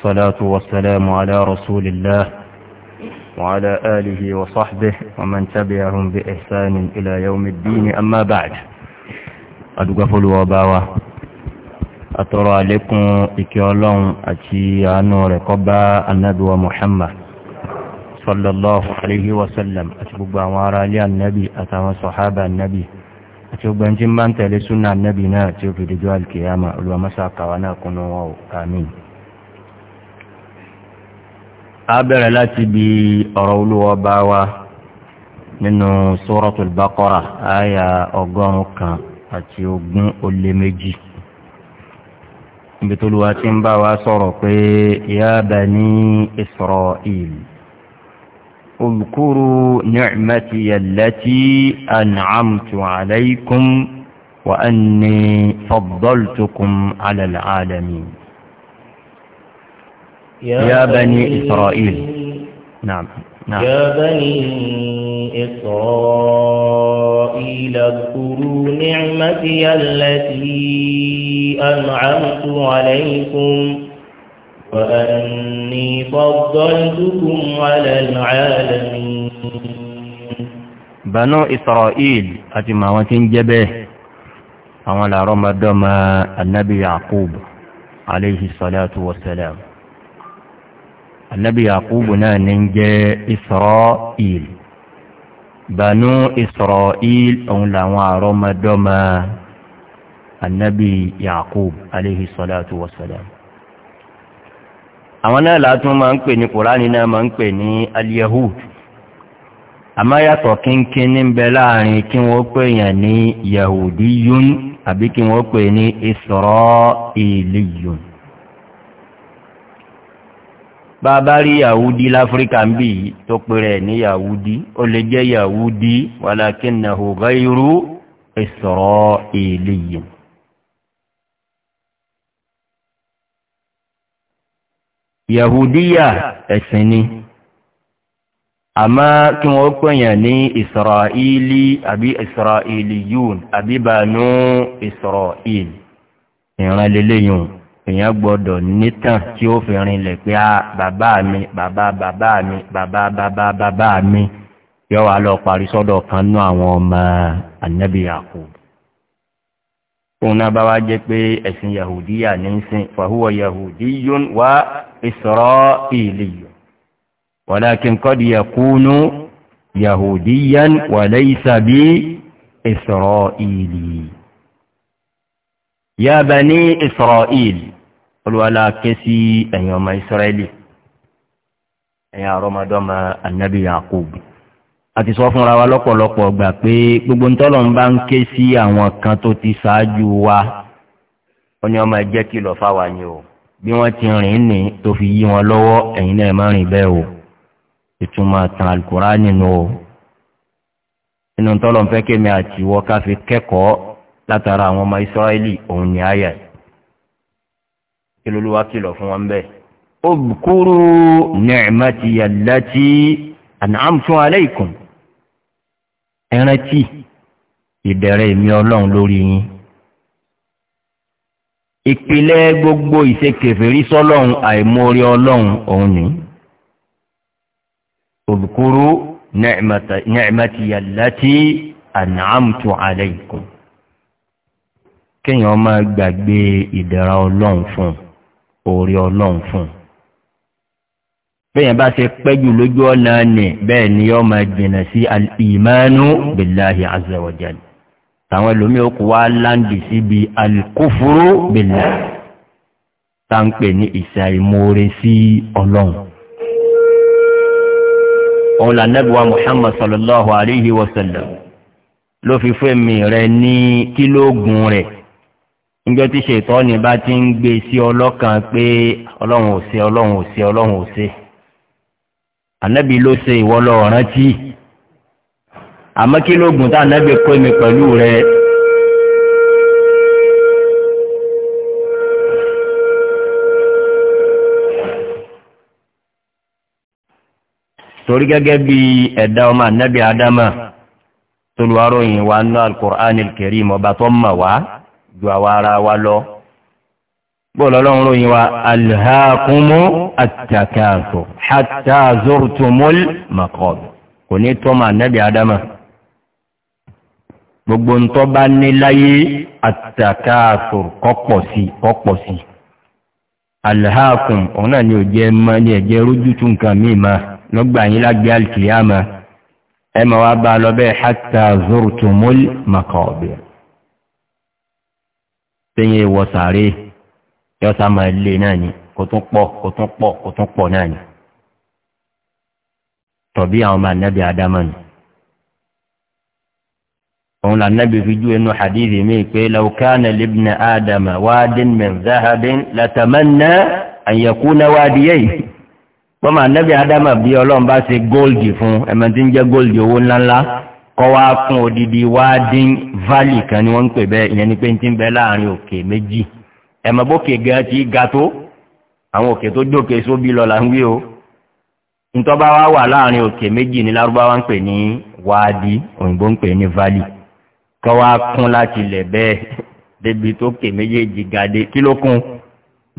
والصلاة والسلام على رسول الله وعلى آله وصحبه ومن تبعهم بإحسان إلى يوم الدين أما بعد أدقفل وباوة أترى لكم إكيالون أتي عنه رقبة النبي محمد صلى الله عليه وسلم أتبقى وعلى النبي أتوى صحابة النبي àti ogbẹ̀n tí ń النبي ناتي في súnà nẹ́bì náà tí ó abẹ̀rẹ̀ láti bí ọ̀rọ̀ olúwọ bá wá nínú sórọ̀tù bákọ́rà àyà ọgọ́rùn kan àti ogún ó lé méjì ibi tó lùwà tí ń bá wá sọ̀rọ̀ pé ya bani israel olùkúrú ni'mati yallati an'amtu alaykum wa anni faddaltukum ala alalamin يا, بني إسرائيل نعم نعم يا بني إسرائيل اذكروا نعمتي التي أنعمت عليكم وأني فضلتكم على العالمين بنو إسرائيل أتما وتنجبه أولا رمضان النبي يعقوب عليه الصلاة والسلام annabi yakubu náà ní ń jẹ́ israel banu israel òun làwọn àrọmọdọ́mọ annabi yakub alayhi salatu wasalam àwọn náà látún máa ń pè ní kùránì náà máa ń pè ní aliyahud àmá yàtọ̀ kínkín ní bẹ láàrin kí wọ́n pè yàn ní yahudiyun àbí kí wọ́n pè ní israeliyun bàbá rí yahudi láfíríkà ń bì yìí tó pèrè ní yahudi ó lè jẹ́ yahudi wàlákínnahu ghayru isra'iliyyin. yahudiya ẹ̀sìn ni àmá kí wọ́n pèyàn ní isra'ili àbí isra'iliyun àbí bànú isra'il ìran lélẹ́yìn èèyàn gbọ́dọ̀ nítàn tí ó fi rinlẹ̀ pé a ah, bàbá mi bàbá bàbá mi bàbá bàbá bàbá mi yọ wà lọ parí sọ́dọ̀ kan nú àwọn ọmọ ànábì àkù òun náà bá wá jẹ́ pé ẹ̀sìn yahudiya ní sin fàhúwọ̀ yahudiyun wá ìsọ̀rọ̀ ìlì wàlákin kọ́dí yakúnú wàlẹ́ ìsàbí ìsọ̀rọ̀ ìlì yá bẹ ní olùwàlà ké sí ẹ̀yìn ọmọ ìsírẹ́lì ẹ̀yìn àrọ́mọdọ́mọ anabi yakub a ti sọ fúnra wa lọ́pọ̀lọpọ̀ gbà pé gbogbo ntọ́lọ̀ ń bá ń ké sí àwọn kan tó ti ṣáájú wa ó ní ọmọ ẹjẹ́ kìlọ̀ fáwa ni o bí wọ́n ti rìn ní tó fi yí wọn lọ́wọ́ ẹ̀yin náà má rìn bẹ́ẹ̀ o ìtumọ̀ tàn àlùkùrá nínú o nínú ntọ́lọ̀ ń fẹ́ kémi àtiwọ́ ká kẹ́kọ̀ọ́ látara àwọn ọmọ ìsírẹ́lì òun ni ayẹ̀ kí lolúwa kìlọ̀ fún wọn bẹ́ẹ̀. olùkúrú nìcmàtì yàlátì ànàmtún aláìkùn ẹrántí ìdẹ̀rẹ̀ mi ọlọ́run lórí yín. ìpìlẹ̀ gbogbo ìṣekèfèrí sọ́lọ́run àìmórí ọlọ́run òun ni. olùkúrú nìcmàtì yàlátì ànàmtún aláìkùn kéèyàn máa gbàgbé ìdẹ̀ra ọlọ́run fún un orí ọlọ́run fún un bẹ́yẹn bá ṣe pẹ́jù lójú ọ̀nà ni bẹ́ẹ̀ ni yọ́ máa jìnà sí alìmánú bìláhì azẹ̀wọ̀jẹ̀l tàwọn ẹlòmí okùn wá láǹdì síbi alìkófóró bìlá tá ń pè ní ìṣà ìmoore sí ọlọ́run òun là nẹ́bùwá muhammad sallallahu alayhi wa sallam ló fi fún mi rẹ ní kílógún rẹ̀ níjọ́ tí ṣètọ́ ni bá ti ń gbé sí ọlọ́kan pé ọlọ́run ò ṣe ọlọ́run ò ṣe ọlọ́run ò ṣe ànábì ló ṣe ìwọ lọ rántí àmọ́ kí ló gùn tá ànábì kó mi pẹ̀lú rẹ. torí gẹ́gẹ́ bí ẹ̀dá ọmọ ànábì ádámà tó lu aróyìn wa nínú alukur'an kẹrìm ọba tó mọ̀ wá ju àwa ara wa lọ. bóòlù ọlọ́run ròyìn wa alhakumu atakaso hatta zortumul makob kò ní tọ́mọ anabi adama gbogbo ntọ́ bá ní láyé atakaso kọ́pọ̀ sí kọ́pọ̀ sí alhakum ọ̀nà ni ò jẹ́ mọ́ ni ẹ̀jẹ̀ rójú tún nǹkan míì máa lọ́gbà yín lágbé alkiyama ẹ ma wá bá lọ bẹ́ẹ̀ hátà zurtumul makọ̀ọ̀bẹ̀ sẹ́yìn ewọ sàárè yọ sá máa lé náà ni kò tún pọ̀ kò tún pọ̀ kò tún pọ̀ náà ni tọ̀bí àwọn ọmọ anábì adámanu òun là nábì fi ju inú hadithi mi pé laukana libna adama wadin min zahabin latamanna àyẹ̀kúná wádìí yẹ́yìí wọ́n máa nẹ́bí adama bí ọlọ́run bá ṣe góòlì fún ẹ̀mẹ́tí ń jẹ́ góòlì owó ńláńlá kọ́ wá fún odidi wá valley kan ni wọ́n ń pè bẹ́ẹ̀ ìyẹn ni pé ń ti ń bẹ láàrin òkè méjì ẹ̀mọ́bókè gan ti ga tó àwọn òkè tó jókè sóbí lọ là ń wí o ntọ́ba wa wà láàrin òkè méjì ní lárúbáwá ń pè ní wáàdí òyìnbó ń pè ní valley kọ́ wa kún láti lẹ̀ bẹ́ẹ̀ débi tó kè méjèèjì gàdé kí ló kún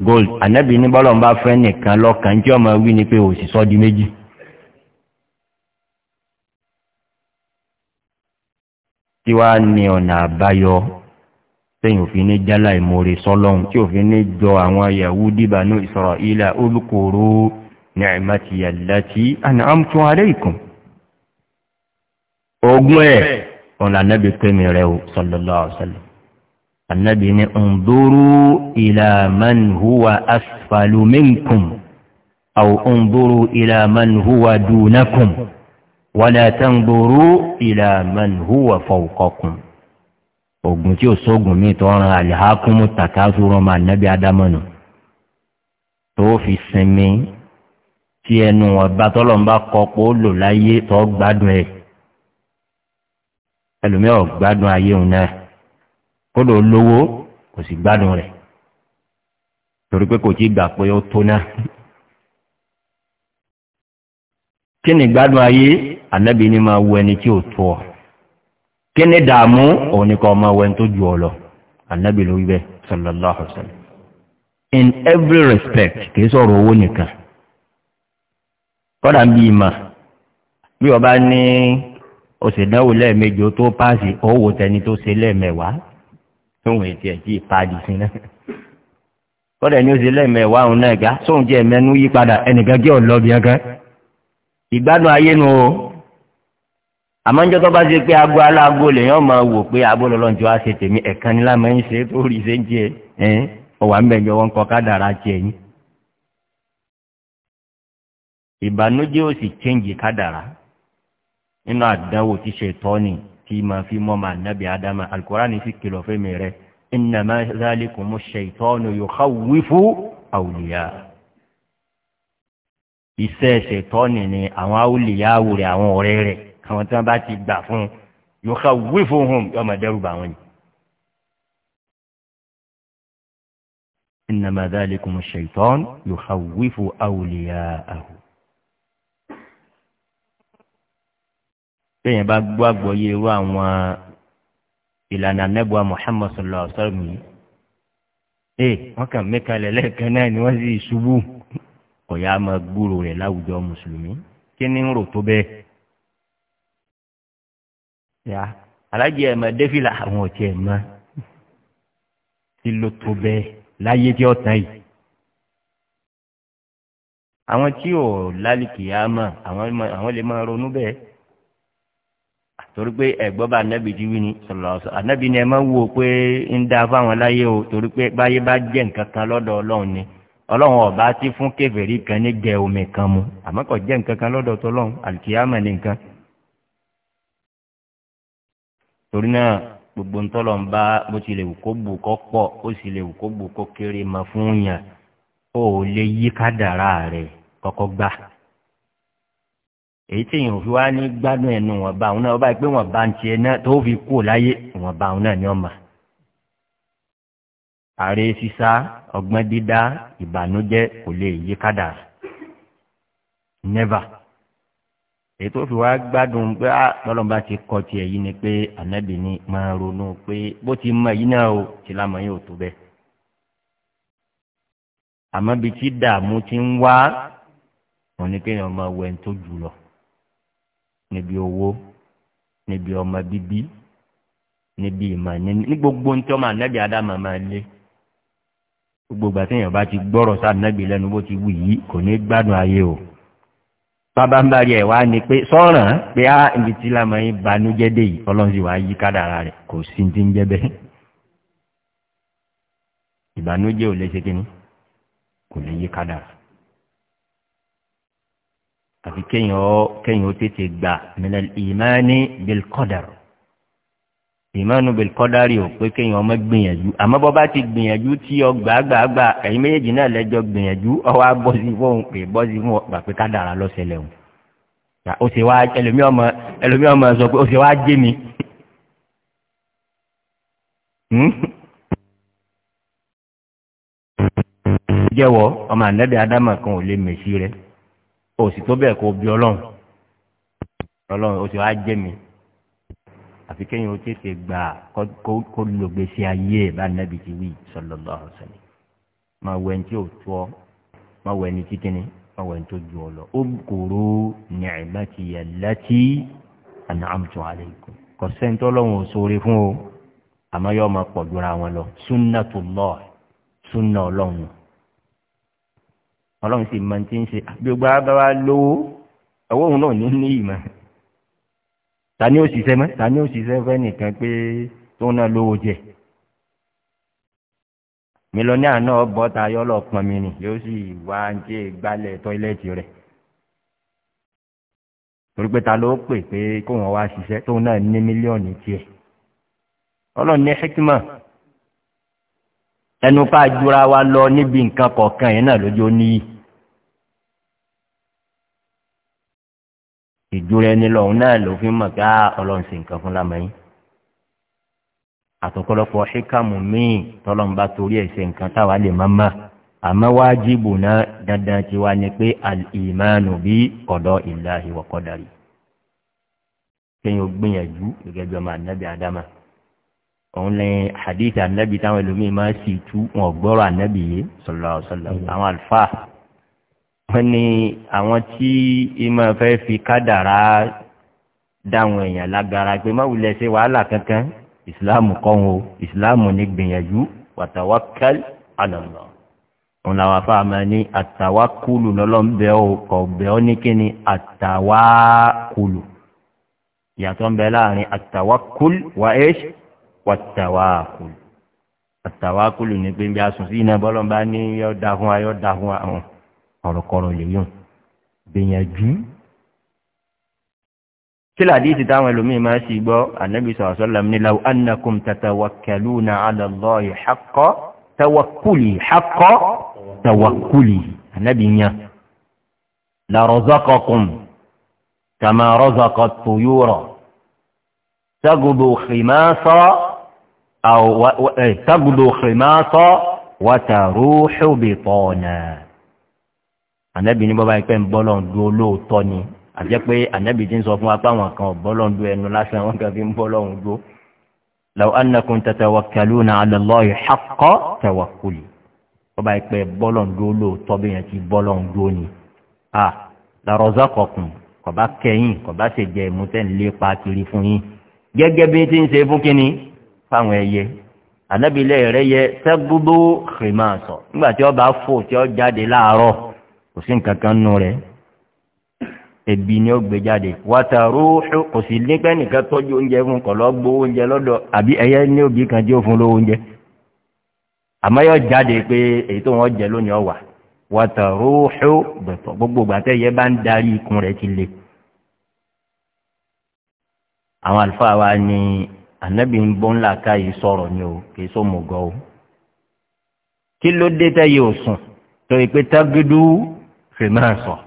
gold ànábì ní bọ́lọ̀ ń bá fẹ́ nìkan lọ́kàn tí ọmọ wí ni pé òsì sọ́ di méjì. tí wàá ní ọ̀nà àbáyọ sẹ́yìn òfin ní jálá ìmoore sọ́lọ́hún tí òfin ní jọ àwọn yahoo dìbànú ìsọ̀rọ̀ ilà olùkòrò ní àìmátìyà láti àná àmtún alẹ́ ìkùn. ogun ẹ̀ ọ̀nà anábì pèmí rẹ̀ o sọ̀lọ́lá ọ̀sẹ̀lẹ̀ anábì wàlẹ̀ àtẹ̀ǹgbòrú ìlàmàn húwà fọ̀ọ̀kọ̀kùn ogun tí ó sógun míì tó ran àlìhákùnmù tàkásù rọmọ ànábì ádámọ̀nù tó fi sinmi tí ẹnu ọba tọ́lọ́mbà kọ́pọ̀ ó lò láyé tó gbádùn ẹ̀ ẹlòmíràn gbádùn ayé òun náà kódò lówó kò sì gbádùn rẹ̀ torí pé kò tí gbà pé ó tó náà kí ni gbádùn ayé ànábì ní máa wo ẹni tí ò tó ọ kí ni dààmú òun ni kò máa wo ẹni tó ju ọ lọ ànábì ló wí bẹ́ẹ̀ sallallahu alayhi wa sallam in every respect kì í sọ̀rọ̀ owó nìkan kọ́dà ń bí ìmọ̀ bí ọba ní òṣèdánwò lẹ́ẹ̀mejì ó tó páàsì owó tẹni tó ṣe lẹ́ẹ̀mẹ̀wàá tóun ètí ẹ̀ tí ìpadì sí náà kọ́dà ní oṣù lẹ́ẹ̀mẹ̀wàá òun náà gá sóun jẹ́ mẹ́nu yípadà ẹnìkan jẹ́ ọ̀lọ́bìyàn kan ìgbádùn ayé nu o àmọ́ njọ́ tó bá ṣe pé aago aláago lèyàn máa wò pé aago lọ́lọ́njọ́ á ṣe tèmi ẹ̀kan ní lámẹ́ ń ṣe tó rí ṣe ń jẹ ẹ̀ ọ̀wà ń bẹ̀jọ wọn kọ kádàrá jẹ yín. ìbànújẹ́ ò sì chẹ́ǹgì kádàrá nínú àdánwò tí ṣe tọ́ ni tí máa fi mọ́ máa nábì ádámà alukóraní sì kìlọ̀ fẹ́mi rẹ̀ ìnàmá zálìkùn mú ṣe ìtọ́nu yóò ká wí fún àwùlíyà iṣẹ́ ṣètọ́ni ni àwọn àwọn ọ̀rẹ́ àwọn tí wọ́n bá ti gbà fún yóò ká wí fún hùm yóò máa dẹ́rù bá wọn ni. إنما ذلكم الشيطان يخوف أولياءه téèyàn bá gbọ́ àgbọ́yé irú àwọn ìlànà anábọ́à muhammed sọlọ ọ̀sọ́rọ̀ yìí ee eh, wọ́n kàn mẹ́kalẹ̀ lẹ́ẹ̀kan náà ni wọ́n sì ṣubú ọ̀yà máa gbúrò rẹ̀ láwùjọ mùsùlùmí kí ni ń rò tó bẹ́ẹ̀ yà alájẹ defi la àwọn ọ̀tí ẹ̀mọ tí ló tó bẹ́ẹ̀ láyé tí ó tán yìí. àwọn tí ò lálìkì yá àwọn lè máa ronú bẹ́ẹ̀ torí pé bá ti wí ni ni ẹ máa pé ń da fáwọn láyé o torí pé báyé bá jẹ́ nǹkan kan lọ́dọ̀ ọlọ́run ni ọlọ́run ti fún kẹfẹ́rí kan ní torí náà gbogbo ntọ́lọ̀ ń bá bó ti lè wù kó bù kó pọ̀ ó sì lè wù kó bù kó kéré mọ́ fún yàn ó lè yí kádàrá rẹ̀ kọ́kọ́ gbà. èyí tí èèyàn fi wá ní gbádùn ẹnu wọn bá àwọn náà ọba pé wọn bá ń tiẹ̀ náà tó fi kú láyé wọn bá àwọn náà ní ọmọ. ààrẹ sísá ọgbọ́n dídá ìbànújẹ́ kò lè yí kádàrá. never ètò òfin wa gbádùn pé a ah, lọ́lọ́mọba ti kọ́ tiẹ̀ yìí ni pé ànábì ni máa ronú pé bó ti mọ yìí náà o ti lámọ yìí ò tó bẹ́ẹ̀. àmọ́ bíi tí dààmú ti ń wá wọn ni kéèyàn máa wẹ̀ ń tó jù lọ níbi owó níbi ọmọ bíbí níbi ìmọ̀ ní gbogbo ní tí ọmọ ànábì adama máa lé gbogbo ìgbà téèyàn bá ti gbọ́rọ̀ sáà ànábì lẹ́nu bó ti wù yìí kò ní gbádùn ayé o bàbá ń bàrí ẹ̀ wá ni pé sọ́ràn pé á ah, ibi tí lámọ̀ yín banújẹ́ dé yìí ọlọ́run sì wá yí kádàrà rẹ̀ kò sí ti ń jẹ́ bẹ́ẹ̀ ìbànújẹ́ ò lè ṣe kí ni kò lè yí kádàrà àfi kéèyàn ó tètè gbà mílẹ̀ ìmáà ní bilkọ́dàrù ìmánu bẹ̀rẹ̀ kọ́dárì ò pé kéèyàn ọmọ gbìyànjú àmọ́ bọ́ bá ti gbìyànjú tí ọ gbàgbàgbà ẹ̀yin méjèèjì náà lẹ́jọ́ gbìyànjú ọwọ́ abọ́sí fóun pé bọ́sí fún ọgbà pé ká dára lọ́sẹ̀lẹ̀ o ó ṣe wá ẹlòmí ọmọ sọ pé ó ṣe wá jé mi hmm? jẹ́wọ́ ọmọ ànẹ́bí adámà kan ò lè mèsì rẹ̀ ó sì tó bẹ́ẹ̀ kó bí ọlọ́run ọlọ́run ó ṣe wá jé mi àfi kéèyàn ó tètè gbà kó lò gbèsè ayé ẹ̀ bá nàbì ti wí sọlọ́lọ́ ọ̀sán máa wẹ̀ ní tí ò tó ọ máa wẹ̀ ní kíkíní máa wẹ̀ ní tó ju ọ lọ ó kòrò ní àìbátì yẹ láti àná àmùtò àlẹ́ ìkọ́ kò sẹ́ńtọ́ lọ́wọ́n ò sóore fún o àmọ́ yóò máa pọ̀ jura wọn lọ súnà tó lọ súnà ọlọ́run ọlọ́run sì máa ti ń ṣe àgbégbá bá wa lówó ẹ̀wọ́ òun náà ní ní ìmọ̀ ta ni ó ṣiṣẹ́ mọ́ ta ni ó ṣiṣẹ́ fẹ́ nìkan pé tó náà lówó jẹ mílíọ̀nìà náà bọ́ ta yọ lọ pọn mi nì yóò sì wá jẹ́ gbálẹ̀ tọ́ílẹ̀tì rẹ̀ torí pé ta ló pè pé kó wọn wá ṣiṣẹ́ tó náà ní mílíọ̀nù tiẹ̀ ọlọ́run ní hekima ẹnu pa jura wa lọ níbi nǹkan kọ̀ọ̀kan yẹn náà lójó níyì. ìjúra ẹni lọ́hùn náà ló fi mọ̀ pé ah, ọlọ́run sì nǹkan fún lamẹ́yìn àtọ̀kọ́lọpọ̀ ṣíkàmù míì tọ́lọ́run bá torí ẹ̀ ṣe nǹkan táwa lè má má àmọ́ wájibù náà dandan ti wá ni pé al-imanu bí ọ̀dọ́ ìlàhì wọ̀kọ́dàrí kéèyàn gbìyànjú gẹ́gẹ́ bí ọmọ ànábì ádámà òun lè hadith ànábì táwọn ẹlòmíín máa sì tú wọn gbọ́rọ̀ ànábì yìí sọ̀rọ̀ sọ̀rọ̀ àwọn àlùfáà wọ́n ní àwọn tí ìmọ̀ fẹ́ fi kádàrá dáwọn èèyàn lágara pé má wulẹ̀ ṣe wàhálà kankan ìsìláàmù kọ́ wọn o ìsìláàmù ní gbìyànjú wàtàwákẹ́l àlọ́lọ́ òun làwọn afáàmà ní àtàwákùlù lọ́lọ́mbẹ́ o kọ̀ọ̀bẹ́ ó ní kí ni àtàwákùlù ìyàtọ̀ ń bẹ láàrin àtàwákùl wà éṣ wàtàwákùlù àtàwákùlù ní pé bí a sùn sí iná bọ́lọ́mbà ní yọ́ da fún wa yọ́ da fún wa àwọn. ọ̀rọ̀kọ̀rọ̀ lèyàn gbìyànjú. kí làdíìsì táwọn ẹlòmíín máa ṣì gbọ́ ànábì sọ̀rọ̀ sọ́lá ní law annakum tatawakkaluna ala allahi haqqa tawakkuli haqqa tawakkuli ànábì yan. la razaqakum kama razaqat tuyura tagudu khimasa aw tagudu khimasa wa taruhu bitana. ànábì ní bọ́bá ìpẹ́ ń bọ́lọ̀ ń du olóòótọ́ ni àjẹ́ pé ànábì ti ń sọ fún wa pé àwọn kan ò bọ́lọ̀ ń du ẹnu lásán wọn kàn fi ń bọ́lọ̀ ń du. làwọn anakun tatawakkaluna ala Allahi haqqa tawakkuli bọ́bá ìpẹ́ bọ́lọ̀ ń du olóòótọ́ bí yẹn ti bọ́lọ̀ ń du ni. a làrọ̀zọ́ kọ̀kùn kọ̀bá kẹ́yìn kọ̀bá ṣèjẹ́ ìmúṣẹ́ ńlépa kiri fún yín gẹ́gẹ́ bí ti ń ṣe fún kínní fáwọn ẹyẹ ànábìlẹ̀ rẹ̀ yẹ sẹ́gbúgbó kò sí nǹkan kan nù rẹ̀ ebi ni ó gbé jáde wàtàrú kò sí nípẹ́ nìkan tọ́jú oúnjẹ fún kọ̀lọ́ gbó oúnjẹ lọ́dọ̀ àbí ẹyẹ ní òbí kan tí ó fún lówó oúnjẹ àmọ́ yóò jáde pé èyí tó wọ́n jẹ lónìí ọ̀wà wàtàrú bẹ̀tọ̀ gbogbo gbàtẹ́ yẹ bá ń darí ikùn rẹ̀ ti le àwọn àlùfáà wa ni ànábì ń bọ́ ńlá ká yìí sọ̀rọ̀ ni o kì í sọ mọ̀gọ́ o kí ló dé tẹ́ yìí ò sùn torí pé tágídú fèmáàsọ̀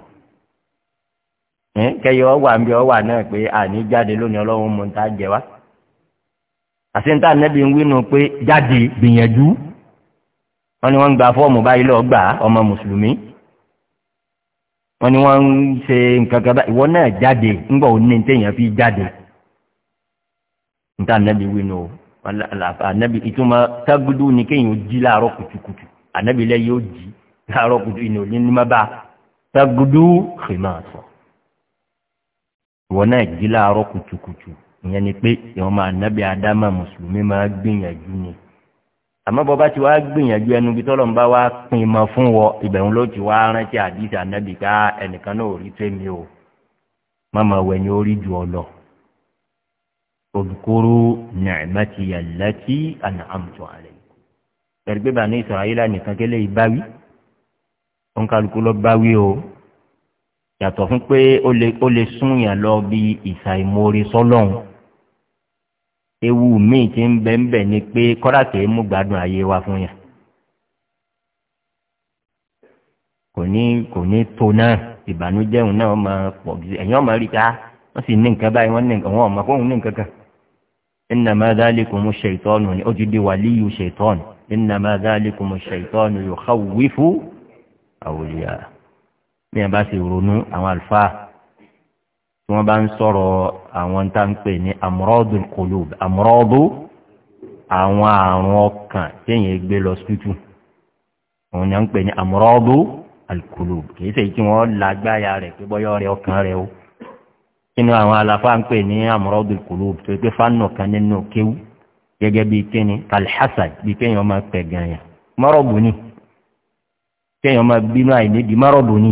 kẹyọ ọwà ń bí ọwà náà pé àní jáde lónìí ọlọ́run mọ̀ a jẹ wá àti níta nẹ́bí ń wínú pé jáde gbìyànjú wọ́n ní wọ́n ń gba fọ́ọ̀mù báyìí lọ́ọ́ gbà ọmọ mùsùlùmí wọ́n ní wọ́n ń ṣe nǹkan kan báyìí ìwọ náà jáde ńgbọ̀ òun ní téèyàn fi jáde níta nẹ́bí wínú o ànábì ìtumọ̀ tágúdú ni kéèyàn jí láàárọ̀ kùtùkùtù ànábì lẹ́yìn ó jí ìnà òní ní má bá a. tagudu ximaaso wọn náà jí láàárọ kùtùkùtù ìyẹn ni pé ìwọn máa nábì ádámà mùsùlùmí máa gbìyànjú ni àmọ́ bọ́ bá ti wá gbìyànjú ẹnu bí tọ́lọ̀ ń bá wá pin mọ́ fún wọ ìbẹ̀rún ló ti wá rántí àdìsí ànábì ká ah, ẹnìkan náà ò rí tẹ́mi o mọ́mọ́ wẹ̀ ni ó rí ju ọ lọ. olùkóró nàìmẹ́tì yàlẹ́tì àná àmùtọ̀ àlẹ́ bàánú ìsọ̀rọ̀ ayé nìkan kélé ìbáwí ònkàlùkù lọ bá wí o yàtọ̀ fún pé ó lè ó lè sún yàn lọ bí ìsàìmórí sọ́lọ́hún ewu míì ti ń bẹ́ ń bẹ̀ ni pé kọ́dà kìí mú gbádùn ayé wa fún yàn kò ní kò ní tó náà ìbànújẹ́ òun náà máa pọ̀ ẹ̀yìn ọmọ rí ká ah, wọ́n sì ní nǹkan báyìí wọ́n ní nǹkan wọ́n ọmọ fóun ní nǹkan kan ẹnna máa dáálé kò mú ni ó ti di wàlíyù ṣètọ́nù ẹnna máa dáálé kò mú ṣètọ́nù yóò xawífù àwòlíyà bí wọn bá sì ronú àwọn àlùfáà tí wọn bá ń sọ̀rọ̀ àwọn tá à ń pè ní amúrọ́dù kòló amúrọ́dù àwọn àrùn ọkàn téèyàn gbé lọ sítú òun ni à ń pè ní amúrọ́dù alukolo kì í ṣe tí wọn lágbáya rẹ pé bọyọ rẹ ọkàn rẹ o kínú àwọn aláfa ń pè ní amúrọ́dù kòló tó pé fánù kan nínú kéwú gẹ́gẹ́ bíi kíni kalhasad bíi kéèyàn máa pẹ̀ gan yàn ni kéèyàn máa bínú àìnídìí márọ̀dù ni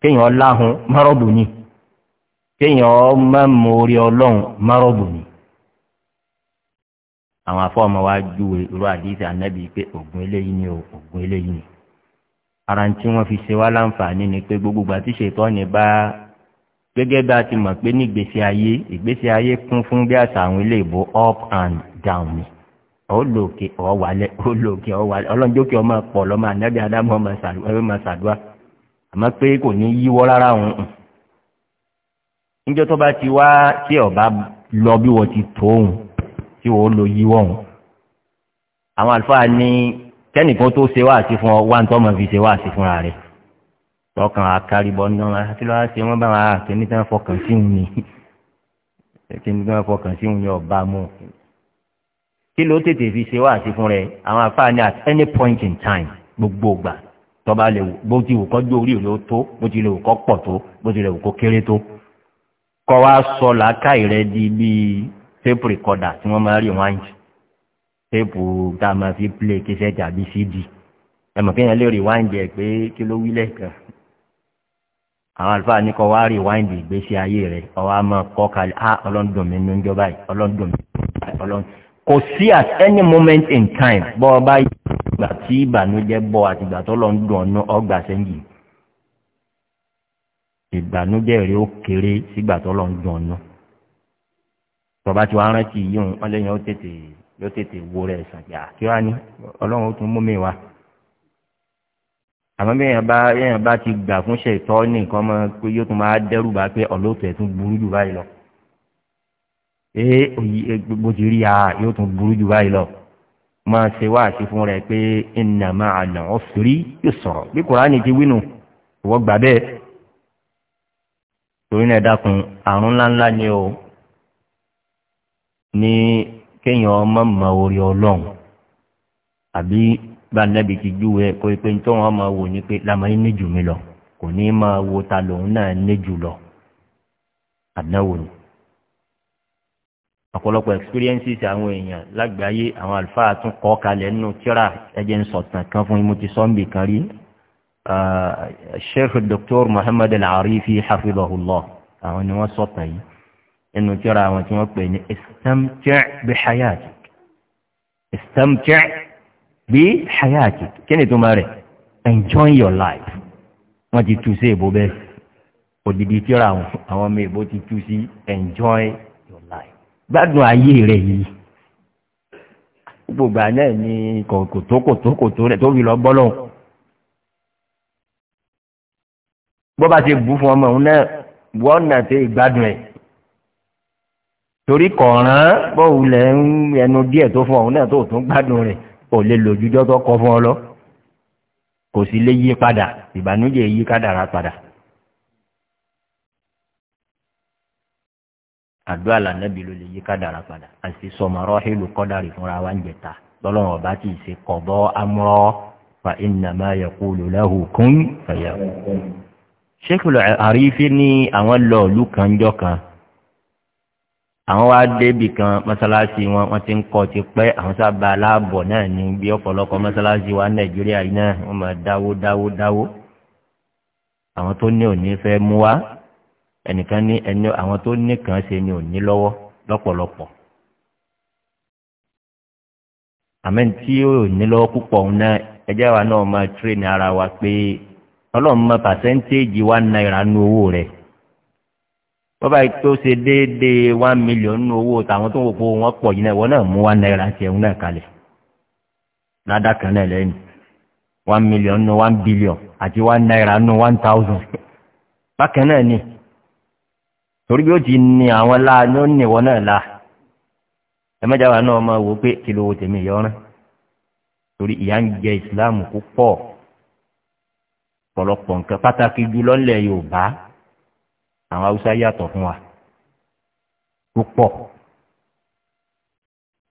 kéèyàn láhùn márọ̀dù ni kéèyàn máa mọ orí ọlọ́run márọ̀dù ni. àwọn afọ́ọ̀mọ́ wa júwe irú àdìsí ànábì pé ògùn eléyìí ni ògùn eléyìí ni. ara tí wọ́n fi ṣe wá láǹfààní ni pé gbogbo ìgbà tí ṣètọ́ ni bá gẹ́gẹ́ bá a ti mọ̀ pé ní ìgbésí ayé ìgbésí ayé kún fún bí àṣà àwọn ilé ìbò up and down ni olóòkè ọ̀wálẹ̀ olóòkè ọ̀wálẹ̀ ọlọ́njókè ọmọ pọ̀ lọ́mọ ànábì adámọ́ ọmọ sàdúrà àmọ́ pé kò ní yíwọ́ rárá òun níjọ́ tó bá ti wá tí ọba lọ bí wọ́n ti tó òun tí wọ́n lo yíwọ́ òun àwọn àlùfáà ní kẹ́nìkan tó ṣe wáàsí fún ọ wá ń tọ́mọ fi ṣe wáàsí fúnra rẹ̀ tọkàn akárìbọ náà àti lọ́wọ́ ṣe wọ́n bá wọn àkíní tí ni kí ni wọ́n fọkàn kí ló tètè fi ṣe wá àti fún rẹ àwọn afáà ní at any point in time gbogbo gbà tọba lè wò bó ti wò kọ́ gbé orí rẹ tó bó ti lè wò kọ́ pọ̀ tó bó ti lè wò kọ́ kéré tó kọ́ wa sọ làákàyè rẹ di bíi tape rìkọ́dà tí wọ́n máa rí wáńd téèpù tá a máa fi plé kíṣẹ́ tàbí cd ẹ mọ̀ kéèyàn lè rí wáńd ẹ pé kí ló wí lẹ́ẹ̀kan àwọn àlùfáà ní kọ́ wa rí wáńd ìgbésí ayé rẹ ọwọ́ a máa kọ́ kalẹ̀ ah ọlọ́dún mi ní ń jọba yìí ọlọ́dún mi ọlọ́dún kò sí at any moment in time bọ́ ọba ìgbà tí ìbànújẹ́ bọ́ àti ìgbà tó lọ ń dùn ọ̀nà ọgbà sẹ́yìn ìbànújẹ́ rẹ̀ ó kéré sígbà tó lọ ń dùn ọ̀nà tọba tí wàá rántí yìí òun wọn lẹ́yìn ó tètè yóò tètè wo rẹ̀ sàgbà kí wàá ní ọlọ́run ó tún mú mi wá àmọ́ bí èèyàn bá èèyàn bá ti gbà fún ṣètọ́ ní nǹkan mọ́ pé yóò tún máa dẹ́rù bá pé ọ̀lọ́tẹ̀ tún burú jù báyìí lọ ee bó ti rí a yóò tún burú jù báyìí lọ máa ṣe wá àti fún rẹ pé ẹnà máa nà ọ sórí yóò sọ̀rọ̀ bí kùránì ti wínú ìwọ gbà bẹ́ẹ̀ torí náà dákun àrùn ńláńlá ni o ní kéèyàn ọmọ mọ orí ọlọ́run àbí bá nẹ́bi ti júwe kó pé ní tó wọn máa wò ní pé lamọ́ yín ní jù mí lọ kò ní máa wo ta lòun náà ní jù lọ àdáwò ni ọ̀pọ̀lọpọ̀ experiences àwọn èèyàn lágbàáyé àwọn àlùfáà tún kọ́ kalẹ̀ nínú tíra ẹ̀jẹ̀ ń sọ̀tàn kan fún imú ti sọ́ǹbì kan rí ah, sheikh dr muhammad al-arifi hafidhahullah àwọn ni wọ́n sọ̀tàn yìí nínú tíra àwọn tí wọ́n pè ní istamtec bi hayati kí ni túmọ̀ rẹ̀ enjoy your life wọ́n ti tu sí èbó bẹ́ẹ̀ òdìdí tíra àwọn ọmọ èbó ti tu sí enjoy gbádùn ayé rẹ̀ yìí gbogbo àná ẹ̀ ní kòtòkòtòkòtò rẹ̀ tó fi lọ bọ́ lọ́hùn. bó bá ti bù fún ọmọ òun náà wọ́n nà tẹ ìgbádùn ẹ̀ torí kọ̀ọ̀ràn bọ́ọ̀lù lẹ̀ ń ẹnu díẹ̀ tó fún ọ̀hún náà tó tún gbádùn rẹ̀ ò lè lòjújọ́ tó kọ fún ọ lọ kò sí lè yí padà ìbànújẹ́ yí kádàrá padà. àdó àlànàbí ló lè yí kádàrà padà àti sọmọrọ hílù kọdàrí fúnra wa ń jẹta lọ́lọ́run ọba tí ì ṣe kọbọ amúrọ fa ìnàmá yẹkú lòlẹ́hùn kún fẹ̀yà. sheikul arifi ní àwọn lọ ìlú kan jọ kan àwọn wá débì kan mọ́sálásí wọn wọ́n ti ń kọ́ ti pẹ́ àwọn sábà aláàbọ̀ náà ní bí ọ̀pọ̀lọpọ̀ mọ́sálásí wa nàìjíríà yìí náà wọ́n máa dáwó dáwó dáwó àwọn tó ní òní fẹ́ mú wa ẹnìkan ní ẹni àwọn tó ní kàn ṣe ni ò ní lọ́wọ́ lọ́pọ̀lọpọ̀ àmọ́ tí ò ní lọ́wọ́ púpọ̀ ń ná ẹjẹ́ wa náà máa tírèèni ara wa pé ọlọ́run mọ pàṣẹ́ntéèjì wa náírà nu owó rẹ̀ bọ́bá tó ṣe déédéé one million nu owó tàwọn tó ń wò pé wọ́n pọ̀ yìí náà ìwọ náà mú one náírà tiẹ̀ ń náà kalẹ̀ ládàkàn náà lẹ́yìn one million nu one billion àti one náírà nu one thousand bákan náà ni torí bí ó ti ní àwọn láà ní náà láà ẹ mẹ́jà wà náà máa wò pé kí ló wo tèmi ìyọrán torí ìyá ń jẹ ìsìláàmù púpọ̀ pọ̀lọpọ̀ nǹkan pàtàkì jùlọ ńlẹ̀ yorùbá àwọn haúsá yàtọ̀ fún wa púpọ̀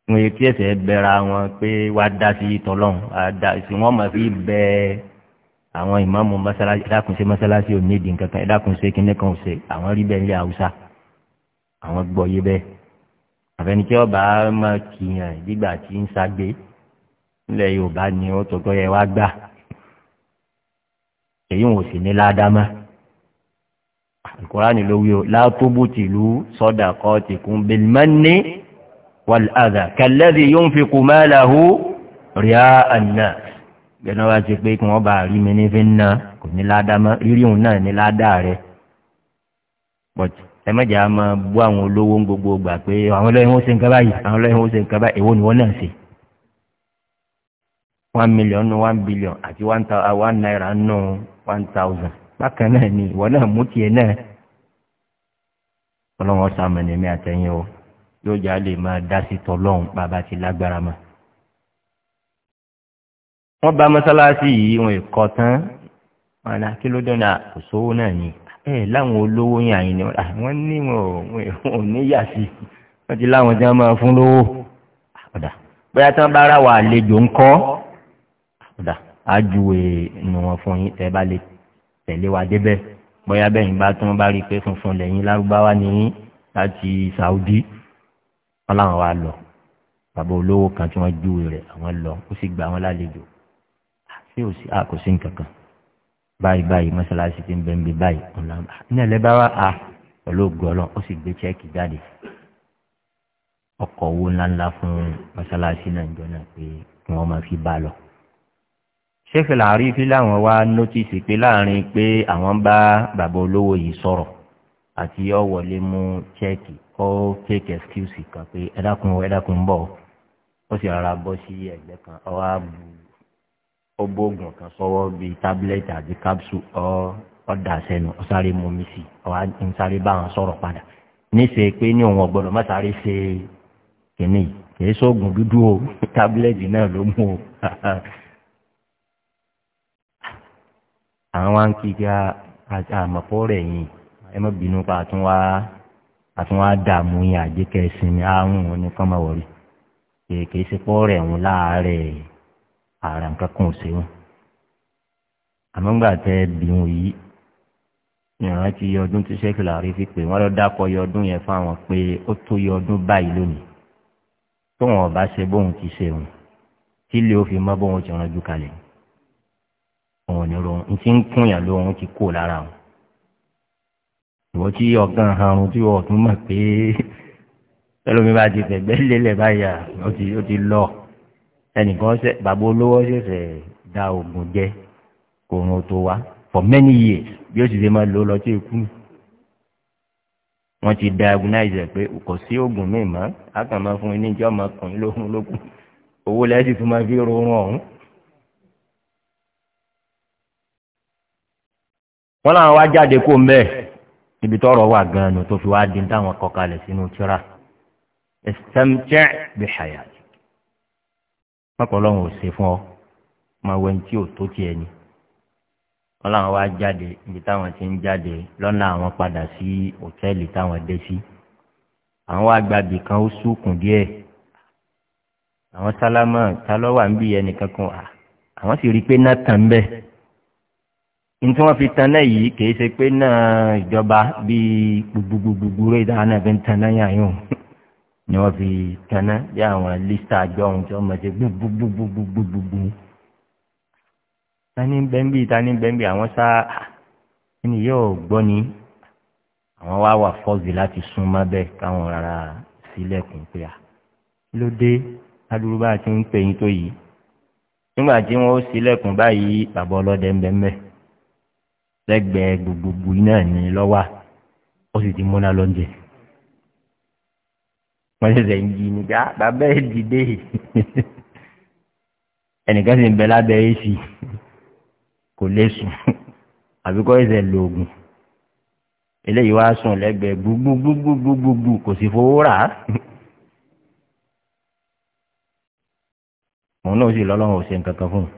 wọn yìí kí ẹsẹ̀ bẹ̀rẹ̀ wọn pé wàá dá sí tọ́lọ́hún àdá ìsìn wọn mọ̀ sí bẹ́ẹ̀ àwọn ìmáàmù mọ́sálásí ẹ̀dákun ṣe mọ́sálásí ò nídìí nǹkankan ẹ̀dákun ṣe kíní kan ò ṣe àwọn rí bẹ́ẹ̀ ní haúsá àwọn gbọ́ yé bẹ́ẹ̀ àfẹnikí ọba máa kìyàn gbígbà tí ń ságbé nílẹ̀ yorùbá ni ó tọ́tọ́ yẹ wá gbà èyí ò sì ní ládàmá àkùránì ló wí o látúbù tìlú sọ́dà kọ́ tìkún bẹ́lmánì wàlúhàdà kẹlẹ́rì yóò fi kùmẹ́ làhú ríà àná gbẹ̀nà wá ti pé kí wọ́n bá rí mi ní fi ń ná kò ní ládàá mọ́ rírí náà ní ládàá rẹ̀ but ẹ mọ̀jà á máa bú àwọn olówó ń gbogbo gbà pé àwọn ọlọ́yin ó ṣe nǹkan báyìí àwọn ọlọ́yin ó ṣe nǹkan báyìí èwo ni wọ́n náà ṣe one million nu one billion àti one thousand uh, one naira nu one thousand bákan náà ni ìwọ náà mú tiẹ̀ náà ọlọ́run ọ̀sán àmọ̀ ní ẹ̀mí àtẹ̀yìn o yóò já lè máa dá sí tọ́lọ́run bàbá ti lágbára máa wọ́n bá mọ́sálásí yìí wọn ìkọ́ tán wọn náà kí ló dọ́nà kò náà ni ẹ láwọn olówó yẹn àyìn ni wọ́n ah, ní wọn ò ní yà sí wọ́n ti láwọn tí wọ́n máa fún lówó ah, ọ̀dà bóyá tí wọ́n bá ra wà àlejò ńkọ́ ah, ọ̀dà ájúwe nù wọn fún yín tẹ́ bá lè tẹ̀lé wa débẹ̀ bóyá bẹ́yìn bá tún bá rí i pé funfun lẹ́yìn lárúbáwá ni láti saudi wọ́n láwọn wa lọ bàbá olówó kan tí wọ́n júwe rẹ̀ àwọn lọ ó sì gbà wọn lálejò tí ò sí àkóso nǹkan kan báyìí báyìí mọ́ṣáláṣí ti ń bẹ́ẹ̀ bí báyìí ọ̀la ní ẹ̀lẹ́bá wa a pẹ̀lú ògùn ọlọ́run ó sì gbé chẹ́ẹ̀kì jáde ọkọ̀ owó ńláńlá fún mọ́ṣáláṣí náà jọ náà pé kí wọ́n máa fi bá a lọ. ṣéfì làárí fi láwọn wá nótìsì pé láàrin pé àwọn bá bàbá olówó yìí sọ̀rọ̀ àti yọ wọlé mú chẹ́ẹ̀kì kọ́ fake excuse kan pé ẹ̀dákun ẹ̀dákun bọ̀ ó sì rárá bọ́ sí ẹ̀gbẹ́ kan ọwọ́ àbúrò ó bóògùn kan sọ́wọ́ bíi tábìlẹ́tì àti kápsù ọ́ ọ̀dà sẹ́nu ọ̀sáré mọ́mí sí ọ̀wá ń sáré bá wọn sọ̀rọ̀ padà níṣẹ́ pé ní òun ọ̀gbọ́dọ̀ má sáré ṣe kìnnì kìí sóògùn dúdú o tábìlẹ́tì náà ló mú o. àwọn wá ń kí kí àmọ̀pọ̀ rẹ̀ yìí ẹ má bínú pa àtúnwá àtúnwá dààmú yín àjẹkẹ́ ìsinmi àrùn òun ní kọ́mọ̀wọ́rì kìí ṣe pọ́ rẹ̀ ń láàárẹ̀ yìí ààrẹ nǹkan kan ò ṣe wọn àmọ́ ńgbà tẹ bí wọn yìí ìrántí ọdún tí sẹ́kì làárí fi pè wọ́n lọ dákọ̀ yọ ọdún yẹn fáwọn pé ó tó yọ ọdún báyìí lónìí tóun ọ̀bá ṣe bóun ti ṣe òun tí ilé òfin mọ́ bóun ti rànjú kalẹ̀ òun ní ro n ti ń kúnyàn lóhun ti kó lára òun ìwọ tí ọ̀gán àrùn tí wọ́n tún mọ̀ pé ẹlòmíbá ti fẹ̀gbẹ́ lélẹ̀ báyà ó ti lọ ẹnìkan ṣe bàbá olówó ṣẹ̀ṣẹ̀ da oògùn jẹ kò ràn tó wá for many years bí ó sì ṣe máa lò lọ tí ikú wọn ti diagnose pé kò sí oògùn míì mọ́ a kàn máa fún ẹni jẹ́ ọmọkùnrin lókun lókun owó lẹ́sìn tó máa fi rọrùn ọ̀hún. wọ́n láwọn wá jáde kó mbẹ́ ibi tọ́rọ̀ wà gan-an tó fi wá dín táwọn kọkalẹ̀ sínú tíra. استمتع بحياتك mọ́kànlọ́run ò ṣe fún ọ máa wẹ́n tí ò tó tiẹ̀ ni wọ́n làwọn wá jáde ibi táwọn ti ń jáde lọ́nà àwọn padà sí òtẹ́ẹ̀lì táwọn dé sí àwọn wá gbàgbé kan ó súnkùn díẹ̀ àwọn sálámà ta ló wà ń bí ẹnìkan kan à àwọn sì rí i pé náà tàn bẹ́ẹ̀ ní tí wọ́n fi tan náà yìí kì í ṣe pé náà ìjọba bíi gbogbogbò rẹ̀ dáhà náà fi ń tan náà yàn yàn ni wọ́n fi kaná bí àwọn lista àjọ ohun tí wọ́n mọ̀ sí gbogbogbogbogbogbogbò tani bẹ́ńbì tani bẹ́ńbì àwọn sá ẹni yóò gbọ́ ni àwọn wá wà fọ́ọ̀sì láti sún mọ́ bẹ́ẹ̀ káwọn rárá sílẹ̀kùn pé à ló dé adúrú bá ti ń pè yín tó yìí nígbà tí wọn ó sílẹ̀kùn báyìí bàbá ọlọ́dẹ ń bẹ́ lẹ́gbẹ̀ẹ́ gbogbogbò náà ni lọ́wọ́ ó sì ti múná lọ́njẹ́ wọ́n ṣẹ̀ṣẹ̀ ń jí ni já bàbá ẹ̀ dìde ẹnìkan sì ń bẹ lábẹ́ èsì kò lè sùn àbíkọ́ ẹ̀ṣẹ̀ lòògùn eléyìí wá sùn lẹ́gbẹ̀ẹ́ gbúgbúgbúgbúgbúgbú kò sì fowó rà á. òun náà sì lọ́lọ́run ò ṣe nǹkan kan fún un.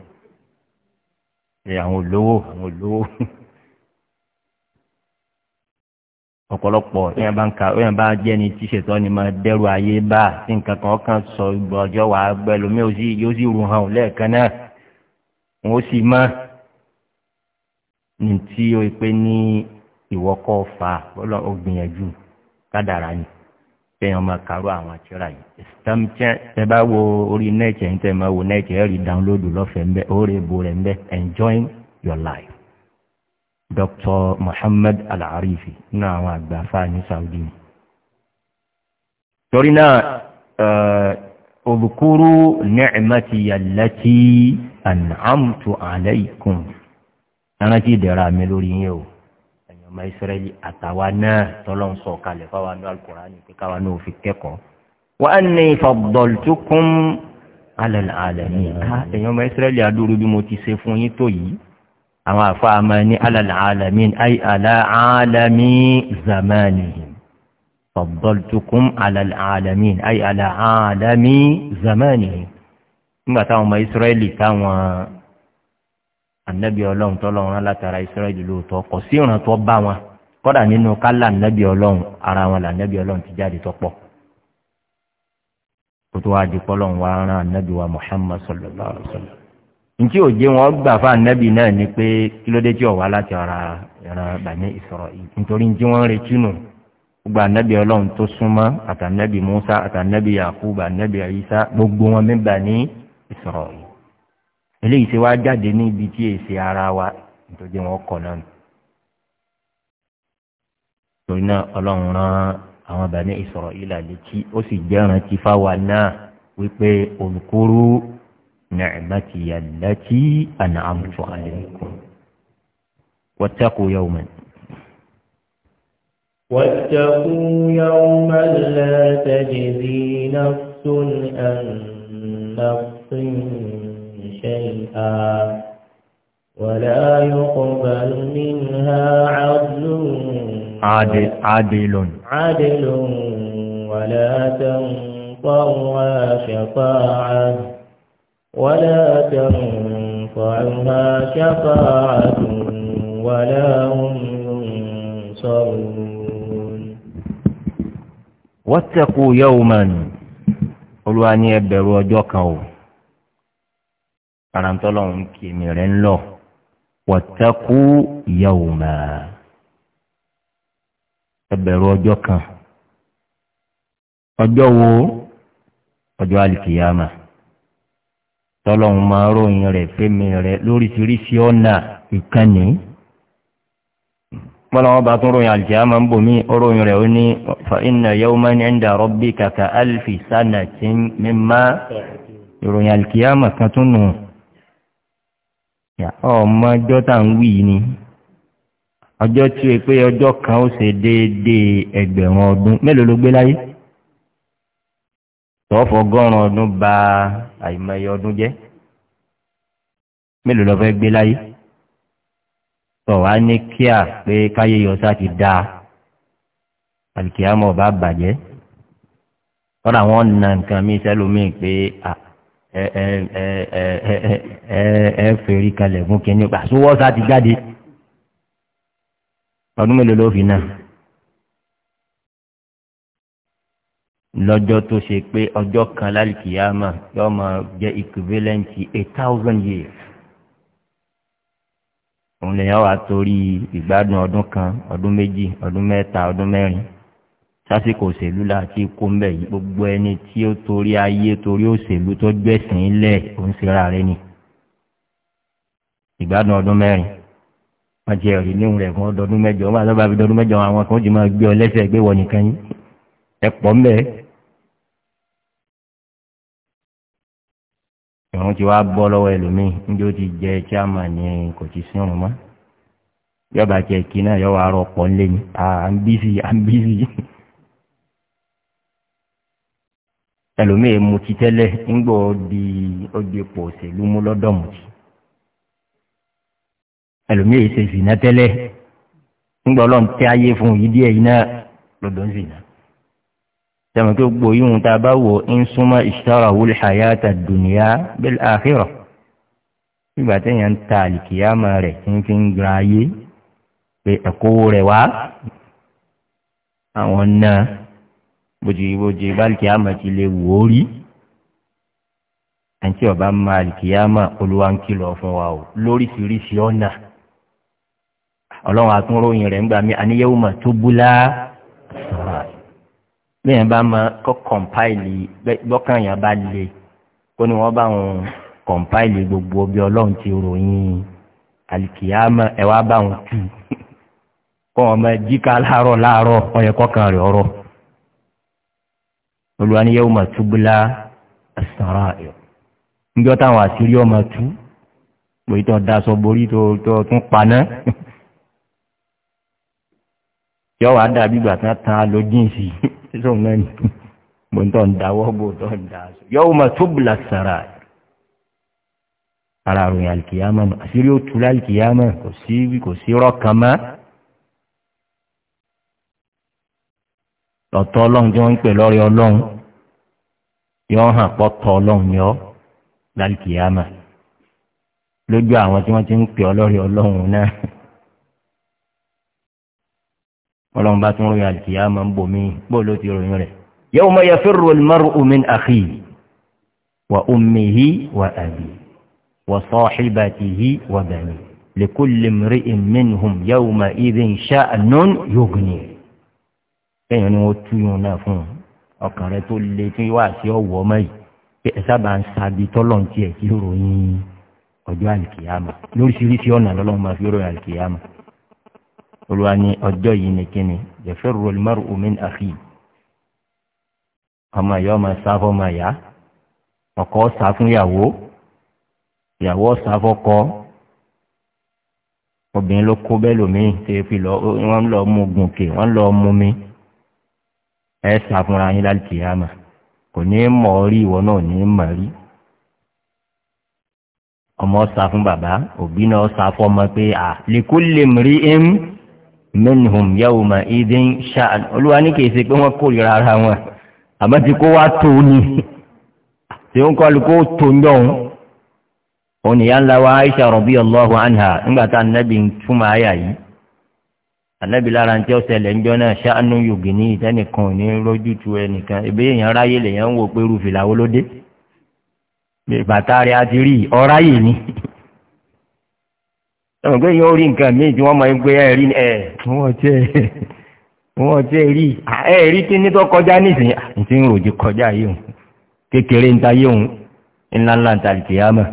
ṣe àwọn olówó àwọn olówó. ọ̀pọ̀lọpọ̀ èèyàn bá ń ka èèyàn bá jẹ́ ni tíṣetọ́ ni máa dẹ́rù ayé bá tí nǹkan kan kan sọ ìgbọ̀jọ́ wà á gbẹ lómi ò sí yóò sì rù hàn lẹ́ẹ̀kan náà wọn ó sì mọ́ ní tí ó pe ní ìwọ́kọ̀ fa ọgbìyànjú kádàrá ni téèyàn máa kàró àwọn àtìrà yìí ìsìtàmìtẹ́ tẹ bá wo orí nẹ́ẹ̀tì ẹ̀yìn tẹ̀ máa wo nẹ́ẹ̀tì ẹ̀rí dáńlódù lọ́fẹ̀ẹ́ ń bẹ́ ó rè your life dr muhammad al-arifi nínú àwọn àgbàfà ní saudi torí náà اذكروا نعمتي التي أنعمت عليكم أنا تي درا ملوري يو أنا ما إسرائيل أتوانا تلون سوكا لفوانا القرآن كوانا في كيكو وأني فضلتكم على العالمين أنا ما إسرائيل أدور بموتي سيفوني توي àwọn àfáàmà ní alàlàálàmí ay alàálàmí zamanihim fọ̀bọ̀lùtukùn alàlàálàmí ay alàálàmí zamanihim nígbà táwọn ọmọ ìsírẹ́lì táwọn ànábì ọlọ́run tọ́lọ́run alátara ìsírẹ́lì lóòótọ́ kò sí ìràn tó bá wọn kọ́dà nínú kálá ànábì ọlọ́run ara wọn làǹnábì ọlọ́run ti jáde tọ́pọ̀ kótó wá di kọ́lọ́run wá rán ànábì wa muhammad sallallahu alayhi wa nítí òjé wọn gbà fún anabi náà ni pé kí ló dé tí ọ̀wá láti ọ̀ra ẹ̀rọ bàní ìsọ̀rọ̀ yìí nítorí tí wọ́n ń retí nù gbogbo anabi ọlọ́run tó súnmọ́ àtànabi musa àtànabi yakubu anabi ayisa gbogbo wọn mi bàní ìsọ̀rọ̀ yìí eléyìí ti wá jáde ní ibi tí èsì ara wa nítorí wọn kọ̀ náà nù náà ọlọ́run rán àwọn bàní ìsọ̀rọ̀ yìí làlétí ó sì jẹ́ rántí fáwa náà wípé olùkúrú نعمتي التي أنعمت عليكم واتقوا يوما واتقوا يوما لا تجزي نفس عن نفس شيئا ولا يقبل منها عدل عدل عدل ولا تنطرها شفاعه ولا تنفعها شفاعة ولا هم ينصرون واتقوا يوما قلوا أن يبدأوا جوكاو أرامتلهم كيميرين له واتقوا يوما ẹbẹ̀rù ọjọ́ kan ọjọ́ wo ọjọ́ alìkìyàmà tọ́lọ́hún máa ròyìn rẹ̀ fẹ́mi rẹ̀ lóríṣiríṣi ọ̀nà ìkànnì mọ́láwọ́ bá tún ròyìn àlìjá máa ń bò mí ròyìn rẹ̀ ó ní fàínà yóò máa ní ẹ̀ńdà rọ́bì kàkà alfi sánà tí mi má ìròyìn àlìkíyà mà kan tún nù ọmọ ọjọ́ tá à ń wí ni ọjọ́ tí o pé ọjọ́ kan ó ṣe déédéé ẹgbẹ̀rún ọdún mélòó ló gbé láyé tọ́fọ̀gọ́rùn ọdún bá àìmọye ọdún jẹ́ mélòó lọ fẹ́ gbé láyé tọ̀ wá ní kíá pé káyé yọsá ti dá àlìkíyàmọ̀ bá bàjẹ́ tọ́lá wọn na nǹkan mi sẹ́lómìn pé ẹ ẹ ẹ ẹ ẹ ẹ fèrí kalẹ̀ fún kínní pàṣẹ wọ́sá ti jáde ọdún mélòó ló fi náà. lọ́jọ́ tó ṣe pé ọjọ́ kan lálìkìyàmà yóò máa jẹ́ equivalent a thousand years. òun lè yàn wá torí ìgbádùn ọdún kan ọdún méjì ọdún mẹ́ta ọdún mẹ́rin sásìkò òṣèlú láti kó mbẹ yìí gbogbo ẹni tí ó torí ayé torí òṣèlú tó gbẹ̀sìn lẹ̀ òun ṣera rẹ ni. ìgbádùn ọdún mẹ́rin wọ́n ti ẹ̀rí níhùn rẹ̀ fún ọdọọdún mẹ́jọ wọ́n bá lọ́ba fi dọdún mẹ́jọ àwọn kan ó ti máa gbé ọ lẹ́sẹ̀ gbé wọ nìkan yín. ẹ̀pọ̀ mbẹ́. ìrún ti wá bọ́ lọ́wọ́ ẹlòmíì níbi ó ti jẹ chairman ní kò ti sí mọ́ yọba jẹ kí náà yọ wà á rọpò ńlẹ ni à ń bísí mutí tẹ́lẹ̀ di pọ̀ òṣèlú mú lọ́dọ̀ mutí ẹlòmíì ṣe tẹ́lẹ̀ tẹ́ tẹ̀mọ̀ tó gbò yíwọ̀n tá a bá wò ń súnmọ́ ìṣọ́ra wúlò ṣàyàtà dùnìyà bí àfihàn nígbà téèyàn ń ta àlìkìyàmà rẹ̀ tí ń fi ń gra ayé pé ẹ̀kọ́ rẹ̀ wá àwọn náà bójúbójú bá àlìkìyàmà ti lè wò ó rí àǹtí ọba ma àlìkìyàmà olúwa ń kìlọ̀ fún wa o lóríṣiríṣi ọ̀nà ọlọ́run àtúnròyìn rẹ̀ ń gbà mí àníyẹ́wò mà tó búlá sọ̀rọ̀ bẹ́ẹ̀ bá máa kọ́ kọ̀ǹpáìlì gbọ́kàn yẹn bá le kó ni wọ́n bá wọn kọ̀ǹpáìlì gbogbo bí ọlọ́run ti ròyìn àlìkìyàmọ̀ ẹ̀ wá bá wọn tù kọ́ wọn máa jí ká láàárọ̀ láàárọ̀ ọyẹ kọ́kàn rẹ̀ ọ̀rọ̀ olùwà ni yẹ́wò máa tú bílá àsàrà ẹ̀ níjọ́ táwọn àṣírí ọmọ tú pé tó daṣọ borí tó tún paná yọ wàá dàbí gbàtà tán lójú ìsìn sísò náà ni mo ń tọ́ ń dáwọ́ bò tọ́ ń dá aṣọ yọ́wọ́ máa túbùlà sàrà ara àròyìn àlìkìyàmọ́ nù àṣírí ó tu lálìkìyàmọ́ kò sí kò sí rọ́ọ̀kan mọ́. lọ́tọ́ ọlọ́run tí wọ́n ń pè lọ́rẹ́ ọlọ́run yọ hàn pọ́ tọ́ ọlọ́run yọ lálìkìyàmọ́ lójú àwọn tí wọ́n ti ń pè ọlọ́rẹ́ ọlọ́run náà ọlọ́run bá tún ròyìn àlìkìyà máa ń bò mí bó ló ti ròyìn rẹ̀ yóò mọ yẹfẹ́ rọlmọ́rù omin àkì wà omihi wà àbí wà sọ́ọ̀xìbàtìhi wà bẹ̀rẹ̀ lèkúlè mìíràn ìmìnhùn yóò mọ ìdí ìṣá ànún yógùnì. bẹ́ẹ̀ ni wọ́n túyún náà fún ọkàn rẹ tó le tí wà sí ọ̀wọ́ ọmọ yìí pé ẹ sábà ń sábi tọ́lọ̀ tiẹ̀ sí ròyìn ọjọ́ àlìkìyà máa lóríṣiríṣi ọ̀nà lọ́lọ́run olùwà ní ọjọ́ yìí ní kíni jẹ̀fẹ́ rọlmọ́rù omin àfi ọmọ ìyá ọmọ ẹ̀sá fọmọ ìyá ọkọ ọ̀sá fún ìyàwó ìyàwó ọ̀sá fọkọ obìnrin ló kó bẹ́ẹ̀ lómìn tí fi lọ wọ́n lọ mú gùnkè wọ́n lọ mú mi ẹ̀ sá fúnra yín láti kìyàmà kò ní mọ̀ ọ́ rí ìwọ náà ní mọ̀ rí ọmọ ọ̀sá fún bàbá òbí náà ọ̀sá fọmọ pé à lèkó lè mìíràn minhum yawma idin sha'an olúwa ní kìí ṣe pé wọ́n kórìíra ara wọn àmọ́ ti kó wá tó ní tí ó ń kọlu kó tó ń dọ̀hún oníyà ńlá wa aisha radiyallahu anha nígbà tá Nabi ń túmọ̀ àyà yìí anábì lára ń tí ó ṣẹlẹ̀ ńjọ́ náà ṣáánú yògì ní ìtẹ́nìkan ò ní rójú tu ẹnìkan ìbí èèyàn ráyè lèèyàn ń wò wo ló dé bàtà rẹ̀ á ti rí ọ̀ráyè ni ẹ̀wọ̀n pé yóò rí nǹkan míì tí wọ́n máa ń gbé ẹ̀rí ẹ̀ wọ́n jẹ́ wọ́n jẹ́ rí ẹ̀rí kí ní tó kọjá nísìnyí àti ń ròjì kọjá yìí kékeré ń ta yìí ńláńlá ń ta àlìkìyàmà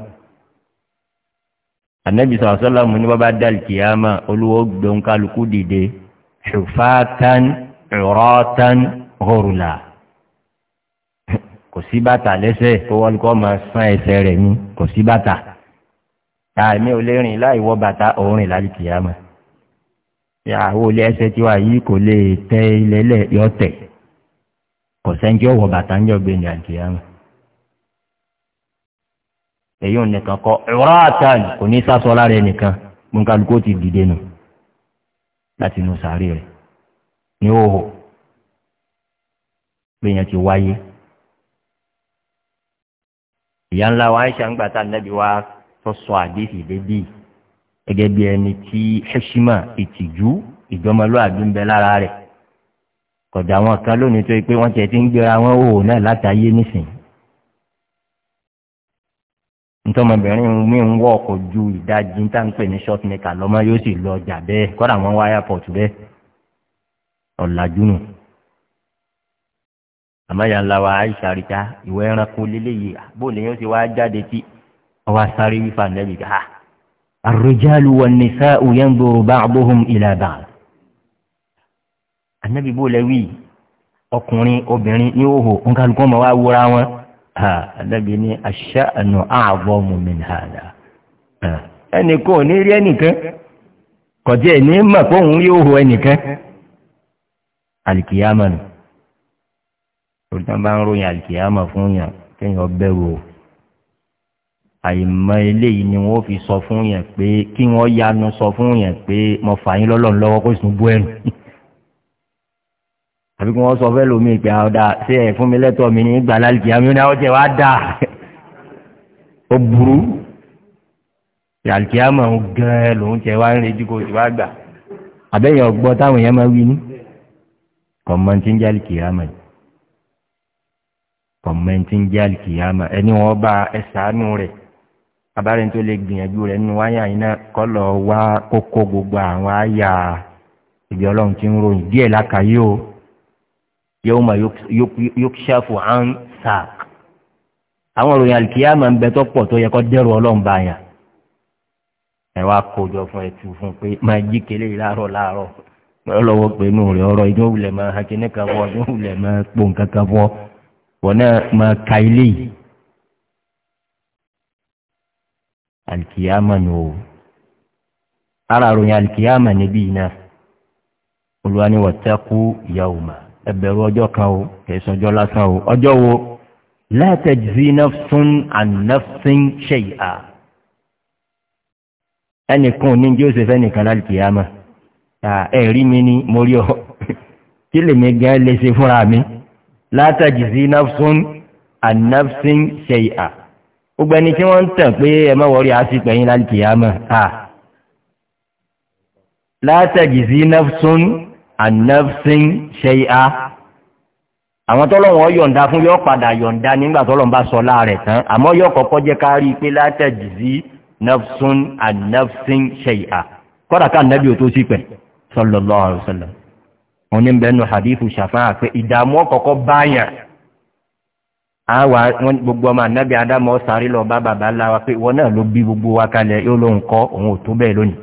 ànábì sọ̀rọ̀ sọ́lá mu ní bábá dá àlìkìyàmà olúwo gbẹ̀hún kálukú dìde ṣùfáàtán ìrọ́tán hórùlà kò sí bàtà lẹ́sẹ̀ tó wọ́n kọ́ máa sán ẹsẹ̀ rẹ̀ ní kò sí bàtà. àmì ò lè rìn láì wọ bàtà òórìn láti kìyàmà ìyàwó ilé ẹsẹ tiwa yìí kò lè tẹ ilẹ̀ lẹ̀ yọ tẹ̀ kò sẹ́ńtì ọ̀wọ̀ bàtà ń jọ gbẹ̀yìn láti èyí ò nìkan kọ ìwọ́rọ̀ àtàn kò ní sásọ lára ẹnìkan gbọ̀ǹkálukú ti dìde nù láti ti wáyé ìyá ńlá wa wa tó sọ àdéhì débi gẹ́gẹ́ bí ẹni tí ṣẹ́ṣímà ìtìjú ìjọmọlúwàbí ń bẹ lára rẹ̀ kọ̀dà wọn kan lónìí tó yẹ pé wọ́n tiẹ̀ ti ń gbéra wọn òwò náà látàyé nísìnyí ntọ́mọbìnrin mi ń wọ ọkọ̀ ju ìdajì ń tàǹpẹ̀ ní short maker lọ́mọ yóò sì lọ ọjà bẹ́ẹ̀ kọ́dà wọ́n wá airport bẹ́ẹ̀ ọ̀làjú nù. àmọ́ ìyá ńlá wa aisha rita ìwé ẹranko lélẹ́yìí bó lè ti wá jáde tí ọwọ́ sáré wípé ànẹ́bí ah, ká àrùjálù wọn ní sáà yẹn dòrò bá àbóhùn ilẹ̀ àbá ànẹ́bí bó lẹ́wì ọkùnrin obìnrin ní òhò nkálukú ọmọ wa wúra wọn ah, ànẹ́bí ní aṣá àná àbọ̀ mùmìn hàdà ẹnì kan ò ní rí ẹnìkan kọjá ẹ̀ ní mọ̀ pé òun rí òhò ẹnìkan àlìkìyàmọ̀ nù torí bá ń ròyìn àlìkìyàmọ̀ fún yàn kéèyàn bẹ̀rù o àìmọ̀ eléyìí ni wọ́n fi sọ fún yẹn pé kí wọ́n yanu sọ fún yẹn pé mo fà yín lọ́lọ́run lọ́wọ́ kó sùn bú ẹnu àbí kí wọ́n sọ fẹ́ lómi ìpè àwọ̀dà ah, ṣé ẹ̀ fún mi lẹ́tọ̀ mi ní ìgbà lálùkì àmì ní àwọn jẹ́ wàá dà ó burú àlùkìyàmọ̀ ń gẹ́rẹ́ lòún jẹ́ wàá ń retí kó ti wàá gbà àbẹ́yẹn ọgbọ́n táwọn èèyàn máa wí ní kọ̀mọ́ntì ń jẹ́ àlùkìyàmọ̀ yìí kọ̀mẹ́ntì ń jẹ́ àlìkìyàmà ẹni wọ́n bá ẹ̀sánú rẹ̀ abárin tó lè gbìyànjú rẹ̀ nínú wáyà yìí náà kọ́ lọ wá kókó gbogbo àwọn àyà ìbí ọlọ́run ti ń ròyìn díẹ̀ lákàáyé o yóò mọ yókṣàfù án sàk àwọn òròyìn àlùkìyà máa ń bẹ tó pọ̀ tó yẹ kó dẹ́rù ọlọ́run bá yàn ẹ wá kójọ fún ẹ tù fún pé máa jí kele yìí láàárọ̀ láàárọ̀ lọ́wọ́ pé inú rẹ̀ ọ̀rọ̀ ìdún òwúlẹ̀ máa hakẹ́ ní kan fọ́ ọdún òwúlẹ̀ máa pò nǹkan kan fọ́ alikiyama ni o ara ròyìn alikiyama níbí náà olúwa ni wọ́tẹ́kù yahoo ẹbẹ̀rù ọjọ́ kan o kẹsàn ọjọ́ lásán o ọjọ́ wo látẹ̀jì nafsun anafsin ṣèyà ẹnìkan ní joseph ẹnìkan lálùkìyàmà ẹ̀rí mi ni mo rí ọ kí lèmi gan lè ṣe fúnra mi látẹ̀jì nafsun anafsin ṣèyà gbogbo ẹni tí wọ́n ń tàn pé ẹ má wọrí àásìpẹ̀ yín láti yàmà à látàjì sí nafsun anafsin ṣẹ́yà àwọn tọ́lọ́wọ́n yọ̀ǹda fún yọ́ padà yọ̀ǹda nígbà tọ́lọ́wọ́n bá sọ láàrẹ̀ tán àmọ́ yọ́ kọ́kọ́ jẹ́ ká rí i pé látàjì sí nafsun anafsin ṣẹ́yà kọ́dà ká nàbí o sí pẹ̀ sọlọ́lọ́ àrùsọ̀lọ́ òní bẹ́ẹ̀ nù hadithu ṣàfáà pé ìdààmú ọ̀kọ̀ọ̀kọ̀ báyàn àwa wọn gbogbo ọmọ ànábì adámọ sáré lọ bá bàbá ńlá wa pé ìwọ náà ló bí gbogbo wa kalẹ̀ yóò lóun kọ́ òun ò tó bẹ́ẹ̀ lónìí.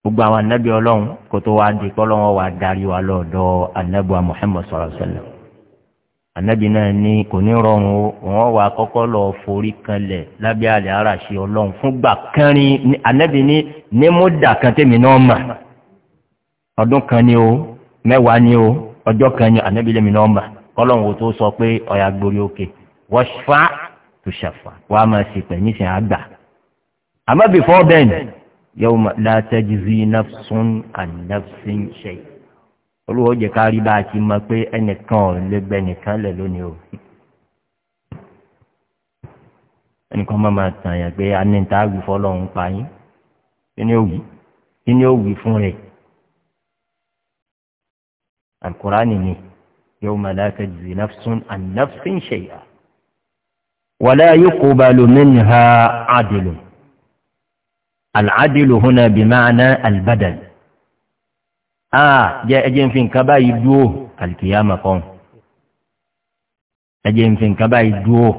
gbogbo àwọn ànábì ọlọ́run kò tó wá di kọ́lọ́wọ́ wa darí wa lọ́dọ̀ ànábì wa muhammed sọ̀rọ̀ sẹ́lẹ̀. ànábì náà ní kò ní rọrùn wọn wà kọ́kọ́ lọ forí kanlẹ̀ lábẹ́ àlẹ́ aráṣẹ ọlọ́run fúngbà kẹrin ànábì ní ní mú dà kan tèmi náà mà ọdún o mẹ́wàá ni o ọjọ́ kan ni ànábì lèmi kọ́lọ́hún wo tó sọ pé ọ̀yà gborí òkè wọ́ṣfà tó ṣàfà wàá máa ṣe pẹ̀ níṣẹ́ àgbà. àmọ́ bìfọ́ bẹ́ẹ̀ ni yóò látẹ́jú sí nafsun ànafsin ṣe. olúwo jẹ́ ká rí bá a ti mọ pé ẹnìkan ò lè gbẹ nìkan lẹ̀ lónìí o. ẹnìkan máa máa tàn yàn pé a ní ta àgbì fọlọ́hún pa yín kí ni ó wì kí ni ó wì fún rẹ̀. àkùrá nìyí. يوم لا تجزي نفس عن نفس شيئا ولا يقبل منها عدل العدل هنا بمعنى البدل آه جاء جن في انكبا يدوه القيامة قوم ẹjẹ ń fi nǹkan báyìí dúró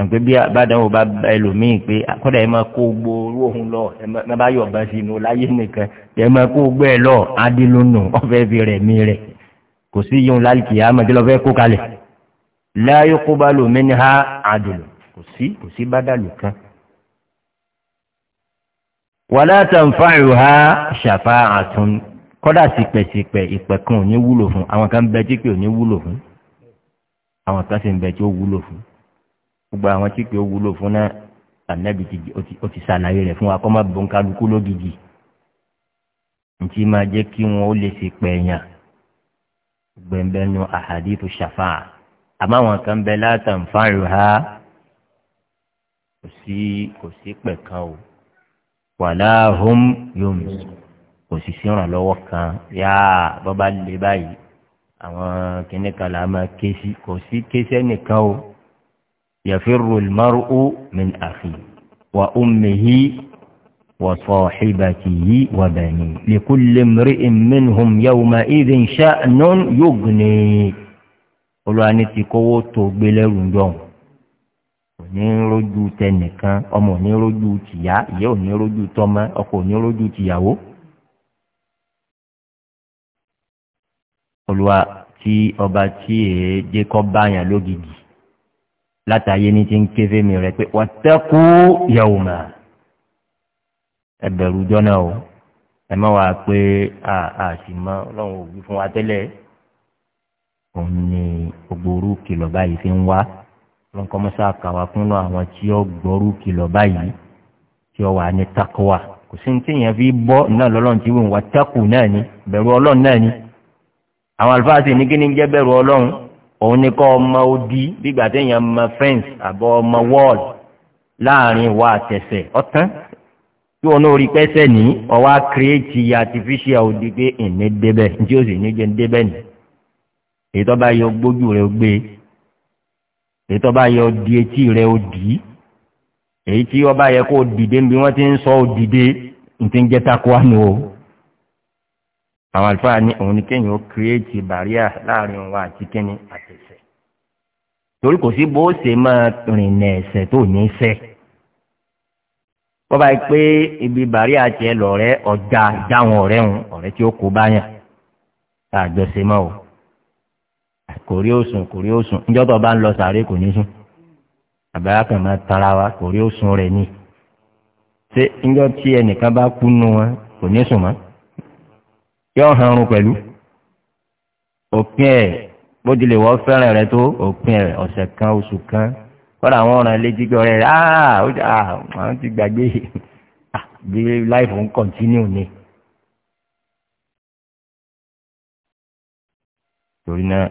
ẹnpẹ bí abádáwò bá ẹlòmíín pé kọ́dà ẹ máa kó gbó lóhùn lọ ẹ máa yọ̀ bá sínú láyé nìkan ẹ máa kó gbó ẹ lọ adé lónà ọ̀fẹ́ fi rẹ̀ mí rẹ̀ kò sí yíun lálìkì àmàdé lọ fẹ́ kó kalẹ̀ láyé kó bá lò mí ní ha àdùlù kò sí kò sí bá dàlù kan. wàlá tàǹfààrù ha ṣàfà àtún kọ́dà sípẹ̀sípẹ̀ ìpẹ̀ kan ò ní wúlò fún àwọn kan bẹ tí pé ò ní wúlò fún àwọn kan sì ń bẹ tí ó wúlò fún gbogbo àwọn tí pé ó wúlò fún náà ànábì ó ti ṣàlàyé rẹ̀ fún wa kọ́ ntí máa jẹ́ kí wọn ó lè ṣèpẹ̀ yàn gbẹ̀ngbẹ̀nu àhàdìtú ṣàfà àmọ́ àwọn kan bẹ látàǹfààrù ha kò sí kò sí pẹ̀kan o wàlá hom yomi kò sì sí ìrànlọ́wọ́ kan yá bọ́bá lè báyìí àwọn kìnnìkan là máa ké sí kò sí ké sẹ́nìkan o yàfẹ́ rọlmárù ó min àfi wà ó mèhí. وصاحبته وبنيه لكل امرئ منهم يومئذ شأن يغنيه olúwa ní ti kówó tó gbé lẹ́rù jọ̀hún kò ní rójú tẹnìkan ọmọ ò ní rójú tìyá ìyá ò ní rójú tọmọ ọkọ ò ní rójú tìyàwó. olúwa tí ọba tí èé jẹ́ kọ́ báyàn lógìgì látàyé ní ti ń ké fẹ́mi rẹ̀ pé wọ́n tẹ́kú yẹ̀wò máa ẹbẹ̀rù jọ́nà o ẹ má wàá pé a a sì mọ ọlọ́run òbí fún wa tẹ́lẹ̀ òun ni ògbóró kìlọ̀ báyìí fi ń wá wọn kọ́ mọ́sá kàwá fún àwọn tí ó gbọ́rú kìlọ̀ báyìí tí ó wà ní takowa kò sí ní tí èèyàn fi bọ́ náà lọ́lọ́run tí wọ́n wà takù náà ni bẹ̀rù ọlọ́run náà ni àwọn àlùfáà sì ní kí ni jẹ́ bẹ̀rù ọlọ́run òun ni kọ́ ọmọ odi bígbà téèyàn mọ fẹ́ǹsì àbọ̀ ọmọ wọ́ọ̀lù láàrin ìwà àtẹ̀sẹ̀ ọ̀tán tí wọn náà rí pẹ́sẹ̀ ní ọwá kírẹ́ẹ̀tì artificial òdìgbé ìní débẹ̀ tí ó sì ní jẹ́ débẹ̀ ní èyí tó bá yọ gbójú rẹ̀ gbé èyí tó bá yọ di etí rẹ̀ ó èyí tí ọba yẹ kó dìde bí wọ́n ti ń sọ ó dìde ní ti ń jẹ́ takwánu o àwọn àlùfáà ní òun ni kéèyàn ó kírẹ́ẹ̀tì bàríà láàrin òun àti kíni àtẹ̀sẹ̀ torí kò sí bó ṣe máa rìn ẹ̀sẹ̀ tó ní í fẹ́ bọ́ba yìí pé ibi bàrí àti ẹ lọ̀rẹ́ ọjà dáhùn ọ̀rẹ́ ń ọ̀rẹ́ tí ó kó báyàn tá a jọ ṣe mọ́ o kò rí òsùn kò rí òsùn níjọ́ tó bá ń lọ sàárè kò ní sùn àbáyá kan máa tara wa kò rí òsùn rẹ̀ ní ṣé níjọ́ tí ẹnìkan bá kú nù wọn kò ní sùn mọ́ yóò hàn run pẹ̀lú òpin ẹ̀ bó tilẹ̀ wọ́n fẹ́ràn rẹ tó òpin ẹ̀ ọ̀sẹ̀ kan oṣù kan kọ́ra àwọn ọ̀ràn létí pé ọ̀rẹ́ rẹ̀ ah, àwọn ah, ti gbàgbé ah, bí láìfù ń kọ̀ntínú ni. torí náà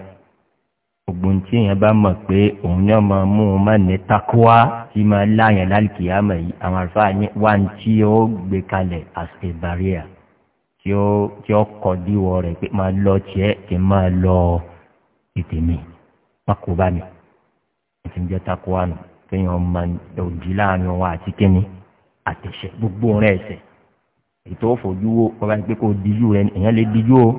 ogun tí èèyàn bá mọ̀ pé òun yóò máa mú un má ní takuwa tí máa láyàn lálùkìyàmọ̀ yìí àwọn àlùfáà ní wá ní tí ó gbé kalẹ̀ as a barrier tí ó kọ̀ díwọ̀ rẹ̀ pé máa lọ tiẹ̀ kí n máa lọ ètè mi má kó bá mi ti ń jẹ́ takuwa nù kéèyàn máa òjì láàrin wa àti kíni àtẹ̀sẹ̀ gbogbo rẹ̀ ẹ̀sẹ̀ ètò òfojú wo ọba pé kò díjú rẹ èèyàn lè díjú o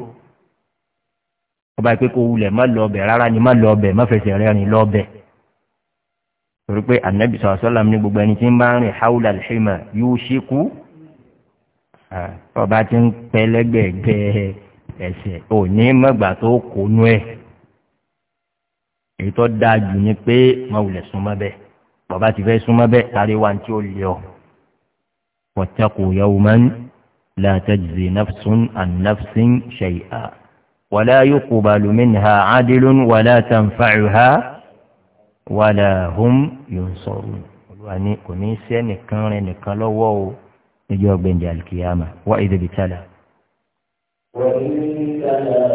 ọba pé kò wulẹ̀ má lọ ọbẹ̀ rárá ni má lọ ọbẹ̀ má fẹsẹ̀ rẹ rìn lọ ọbẹ̀ torí pé anabi sọ̀rọ̀ sọ́làm ní gbogbo ẹni tí ń bá ń rìn haúlà lẹ́yìnmá yóò ṣekú ọba ti ń pẹ́ lẹ́gbẹ̀ẹ́ gẹ́ ẹsẹ̀ òní mọ́gbà tó kónú ẹ̀ èyí tó dáa jù ni pé wọn ò lè súnmọ́ bẹ́ẹ̀ bàbá ti fẹ́ súnmọ́ bẹ́ẹ̀ sáré wa tí ó lé ọ. wọ́tẹ́kù yawman la tajzi nafsun an nafsin shay'a wàlá yuqbalu minha adilun wàlá tanfa'uha wàlá hum yunsorun. olúwa ni kò ní sẹ́ nìkan rẹ̀ nìkan lọ́wọ́ o níjọ́ gbẹ̀ǹdẹ̀ alikiyama wá ìdèbìtálà. wọ́n ní kí n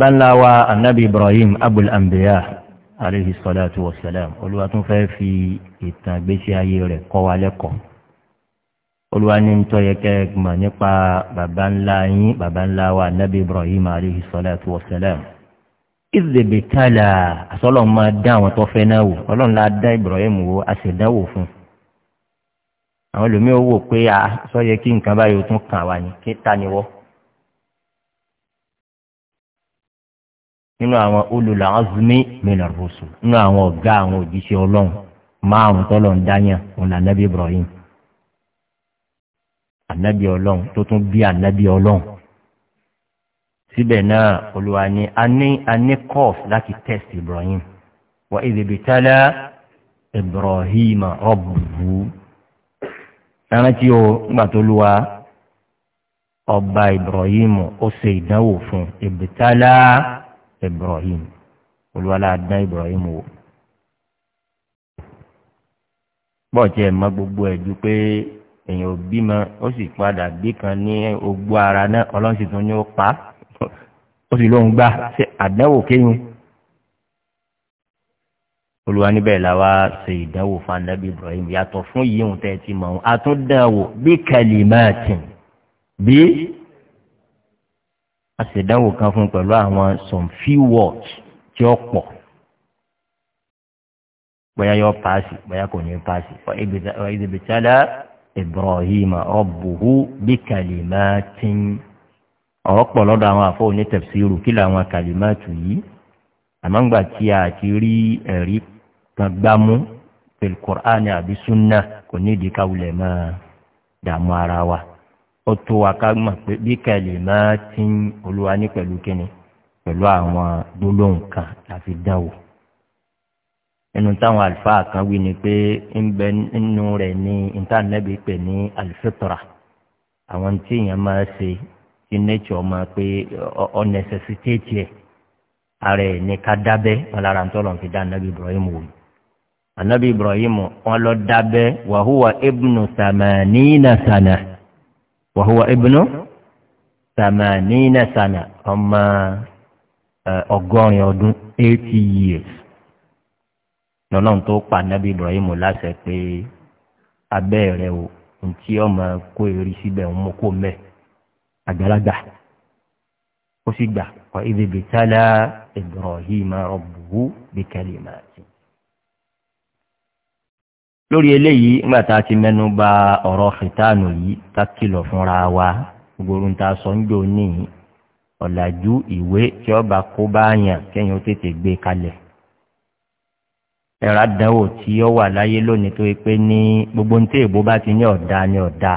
bàbá ńlá wa anabi ibrahim abul anbiya aleyhi salatu wa salam olúwa tún fẹ́ fi ìtàn gbèsè ayé rẹ̀ kọ́ wa lẹ́kọ̀ọ́ olúwa ní ń tọ́yẹ kẹ́ mọ̀ nípa bàbá ńlá yín bàbá ńlá wa anabi ibrahim aleyhi salatu wa salam ìzèbèkálà àsọlọ́ máa dá àwọn tó fẹ́ náà wò ọlọ́run la dá ibrahim wo a fún un àwọn ẹlòmíín wò pé a ah, kí nǹkan báyìí ó tún kàn wá ní kí ta ni nínú àwọn ulul azmi minar rusul nínú àwọn ọ̀gá àwọn òjíṣẹ́ ọlọ́run márùn tọ́lọ̀ ń dáyàn òun ànábì ibrahim ànábì ọlọ́run tó tún bí ànábì ọlọ́run síbẹ̀ náà olùwà ni a ní kọ́ọ̀f láti test ibrahim wà ìdìbò tálá ibrahim ọ̀bùbù rántí o nígbà tó lu wa ọba ibrahim ó ṣe ìdánwò fún ìbìtálá ibrahim olùwàlà àdá ibrahim wò. bọ́ọ̀tì ẹ̀ mọ gbogbo ẹ̀ ju pé èèyàn ò bímọ ó sì padà bí kan ní ogbó ara náà ọlọ́sìn tó ní ó pa ó sì lóun gbà ṣe àdánwò kéyìn olùwà níbẹ̀ la ṣe ìdánwò fún ibrahim yàtọ̀ fún yìí ń tẹ́ ti mọ̀ ọ́n a bí kẹlìmọ́ọ̀tì bí a sì dáwò kan fún pẹ̀lú àwọn some few words tí ó pọ̀ bóyá yọ paasi bóyá kò ní paasi ìdìbìtálá ibrahim ọ̀bùhù bí kàlímà tí ń ọ̀rọ̀ pọ̀ lọ́dọ̀ àwọn àfọwọ́ ní tẹ̀síìrù kí làwọn kàlímà tù yìí àmọ́ tí a ti rí ẹ̀rí kan gbámú pẹ̀lú kùránì àbí súnà kò ní ìdíkàwulẹ̀ máa dààmú ara wa ó tó wa ká mọ̀ pé bí kẹlẹ̀ máa ti ń olúwa ní pẹ̀lú kíni pẹ̀lú àwọn gbólóhùn kan láti dán wò nínú táwọn àlùfáà kan wí ni pé ń bẹ nínú rẹ̀ ní ìtànẹ́bí pè ní àlùfẹ́tọ̀rà àwọn tí èèyàn máa ṣe tí nature máa pé ọ necessitate ẹ̀ ara ẹ̀ ní ká dábẹ́ wọn tó lọ́n fi dá anabi ibrahim wò anabi ibrahim wọn lọ dábẹ́ wàhùwà ibnu samanina sana. وهو ibùnú ثمانين سنة أما ọgọ́rin ọdún 80 years lọ́nà tó النبي إبراهيم ibrahim láṣẹ pé abẹ́ rẹ o ntí ọmọ kó eré síbẹ̀ ń mú kó mẹ́ àgbàlagbà ó sì gbà kọ́ ibi bìtálà ibrahim rọ̀bù bìkẹ́lì màtí lórí eléyìí nígbà tá a ti mẹ́nu ba ọ̀rọ̀ fìtánù yìí ká kìlọ̀ fúnra wa gbogbo ń ta sọ́njò ní ọ̀làjú ìwé tí ọba kó bá yàn kẹ́yìn ó tètè gbé kalẹ̀ ẹ̀rọ àdánwò tí ó wà láyé lónìí tó pé ní gbogbo ń tẹ́ èbó bá ti ní ọ̀dà ní ọ̀dà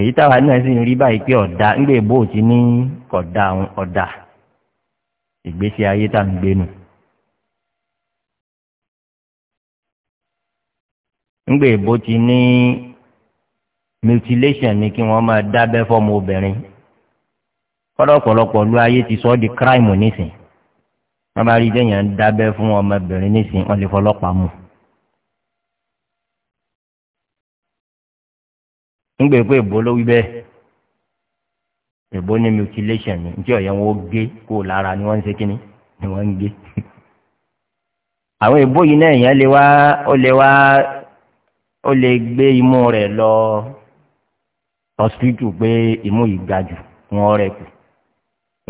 èyí táwa náà sì ń rí báyìí pé ọ̀dà ńgbè èbó ò ti ní kọ̀dà ọ̀dà ìgbésí ayé tá à ń gbénu. ńgbè bó ti ní mutilation ni kí wọ́n máa dábẹ́ fọ́mọ obìnrin kọ́dọ̀pọ̀lọpọ̀ lu ayé ti sọ ọ́ di crime nísìn wọ́n bá rí déèyàn dábẹ́ fún ọmọbìnrin nísìn wọ́n lè fọlọ́pàá mú. ńgbè pé èbó ló wí bẹ́ẹ̀ èbó ní mutilation ni ntí ọ̀yẹ́ wọn ó gé kó lára ni wọ́n ń ṣe kínní ni wọ́n ń gé. àwọn èbó yìí náà èèyàn lè wá ó lè wá ó lè gbé imú rẹ̀ lọ hospital pé imú yìí ga jù wọn rẹ̀ kù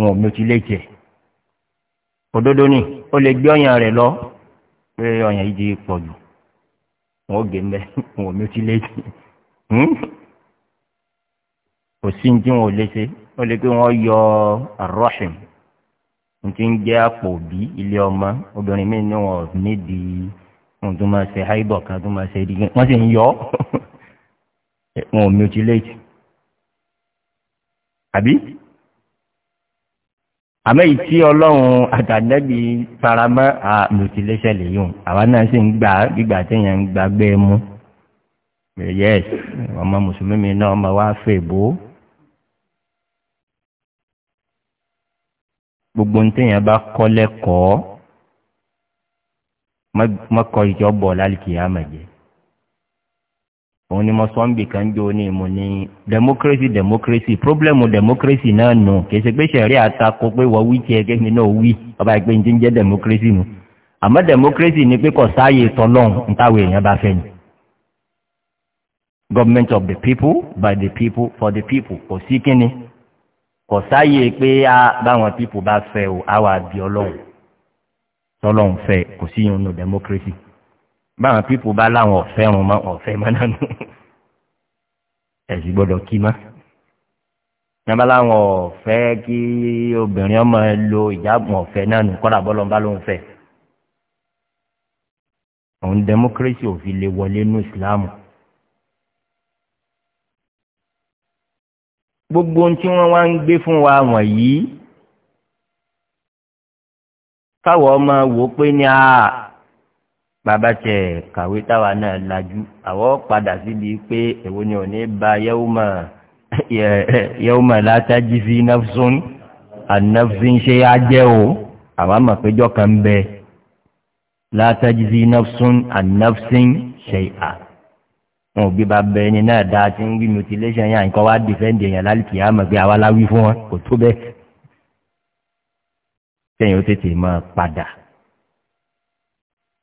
wọn ò mutilate ẹ̀ òdodo ni ó lè gbé ọyàn rẹ̀ lọ pé ọyàn yìí ti pọ̀ jù wọn ò gé mbẹ́ wọn ò mutilate kò sí ní tí wọn ò lè ṣe ó lè pé wọn yọ arọ́ṣìn ní ti ń jẹ́ àpò òbí ilé ọmọ obìnrin mi ni wọn ò ní di wọn tún máa ṣe háìbọ̀ kan tún máa ṣe ìdígbẹ́ wọ́n sì ń yọ ọ́ wọn ò mutilate àbí àmọ́ èyí tí ọlọ́run àtàdẹ́bí faramọ́ à mutilation lèyí o àwa náà sì ń gbà gbígbà téèyàn ń gbàgbé mú eh, yes ọmọ mùsùlùmí náà ọmọ wa fèbó gbogbo téèyàn bá kọ́ lẹ́kọ̀ọ́ mọ́kọ ìjọ́bọ̀ lálìkìyàmọ̀ jẹ́ òun ni mo sọ ń bì kan jó ní mo ní democracy democracy problem democracy náà nù kìí ṣe pé ṣẹ̀rí àtakò pé wọ́n wí tiẹ̀ kémi náà wí ọba ìpè ní ti ń jẹ́ democracy mu àmọ́ democracy ni pé kò sáàyè tọ́lọ́hún nítawọ̀ èèyàn bá fẹ́ ni. government of the people by the people for the people kò sí kínni kò sáàyè pé báwọn people bá fẹ́ o àwa àbí ọlọ́run tọ́lọ́hún fẹ́ kò sí yín nù democracy báwọn pípò bá láwọn ọ̀fẹ́ rùn mọ́ ọ̀fẹ́ mọ́ náà nù ẹ̀sìn gbọ́dọ̀ kí má nígbà láwọn ọ̀fẹ́ kí obìnrin ọmọ ẹ lo ìjábùn ọ̀fẹ́ náà nù kọ́dà bọ́lọ́ bá lóun fẹ́ òun democracy ò fi lè wọlé nù Islam. gbogbo ohun tí wọ́n wá ń gbé fún wa wọ̀nyí káwọ̀ ọmọ wò pé ní a bàbá tẹ kàwé táwa náà lajú àwọ̀ padà síbi pé èwo ni ò ní ba yẹ́wùmọ̀ látàjì sí nafsun ànafsin ṣe á jẹ́ o àwa mọ̀ péjọ́ kan ń bẹ látàjì sí nafsun ànafsin ṣe à wọn ò gbé bàbá ẹni náà dáa tí ń wí mutilation yà ń kọ́ wá dìfẹ́ǹdì èèyàn lálùkìyà mọ̀ pé àwa láwí fún wọn kò tó bẹ́ẹ̀ kẹ́yìn ó tètè máa padà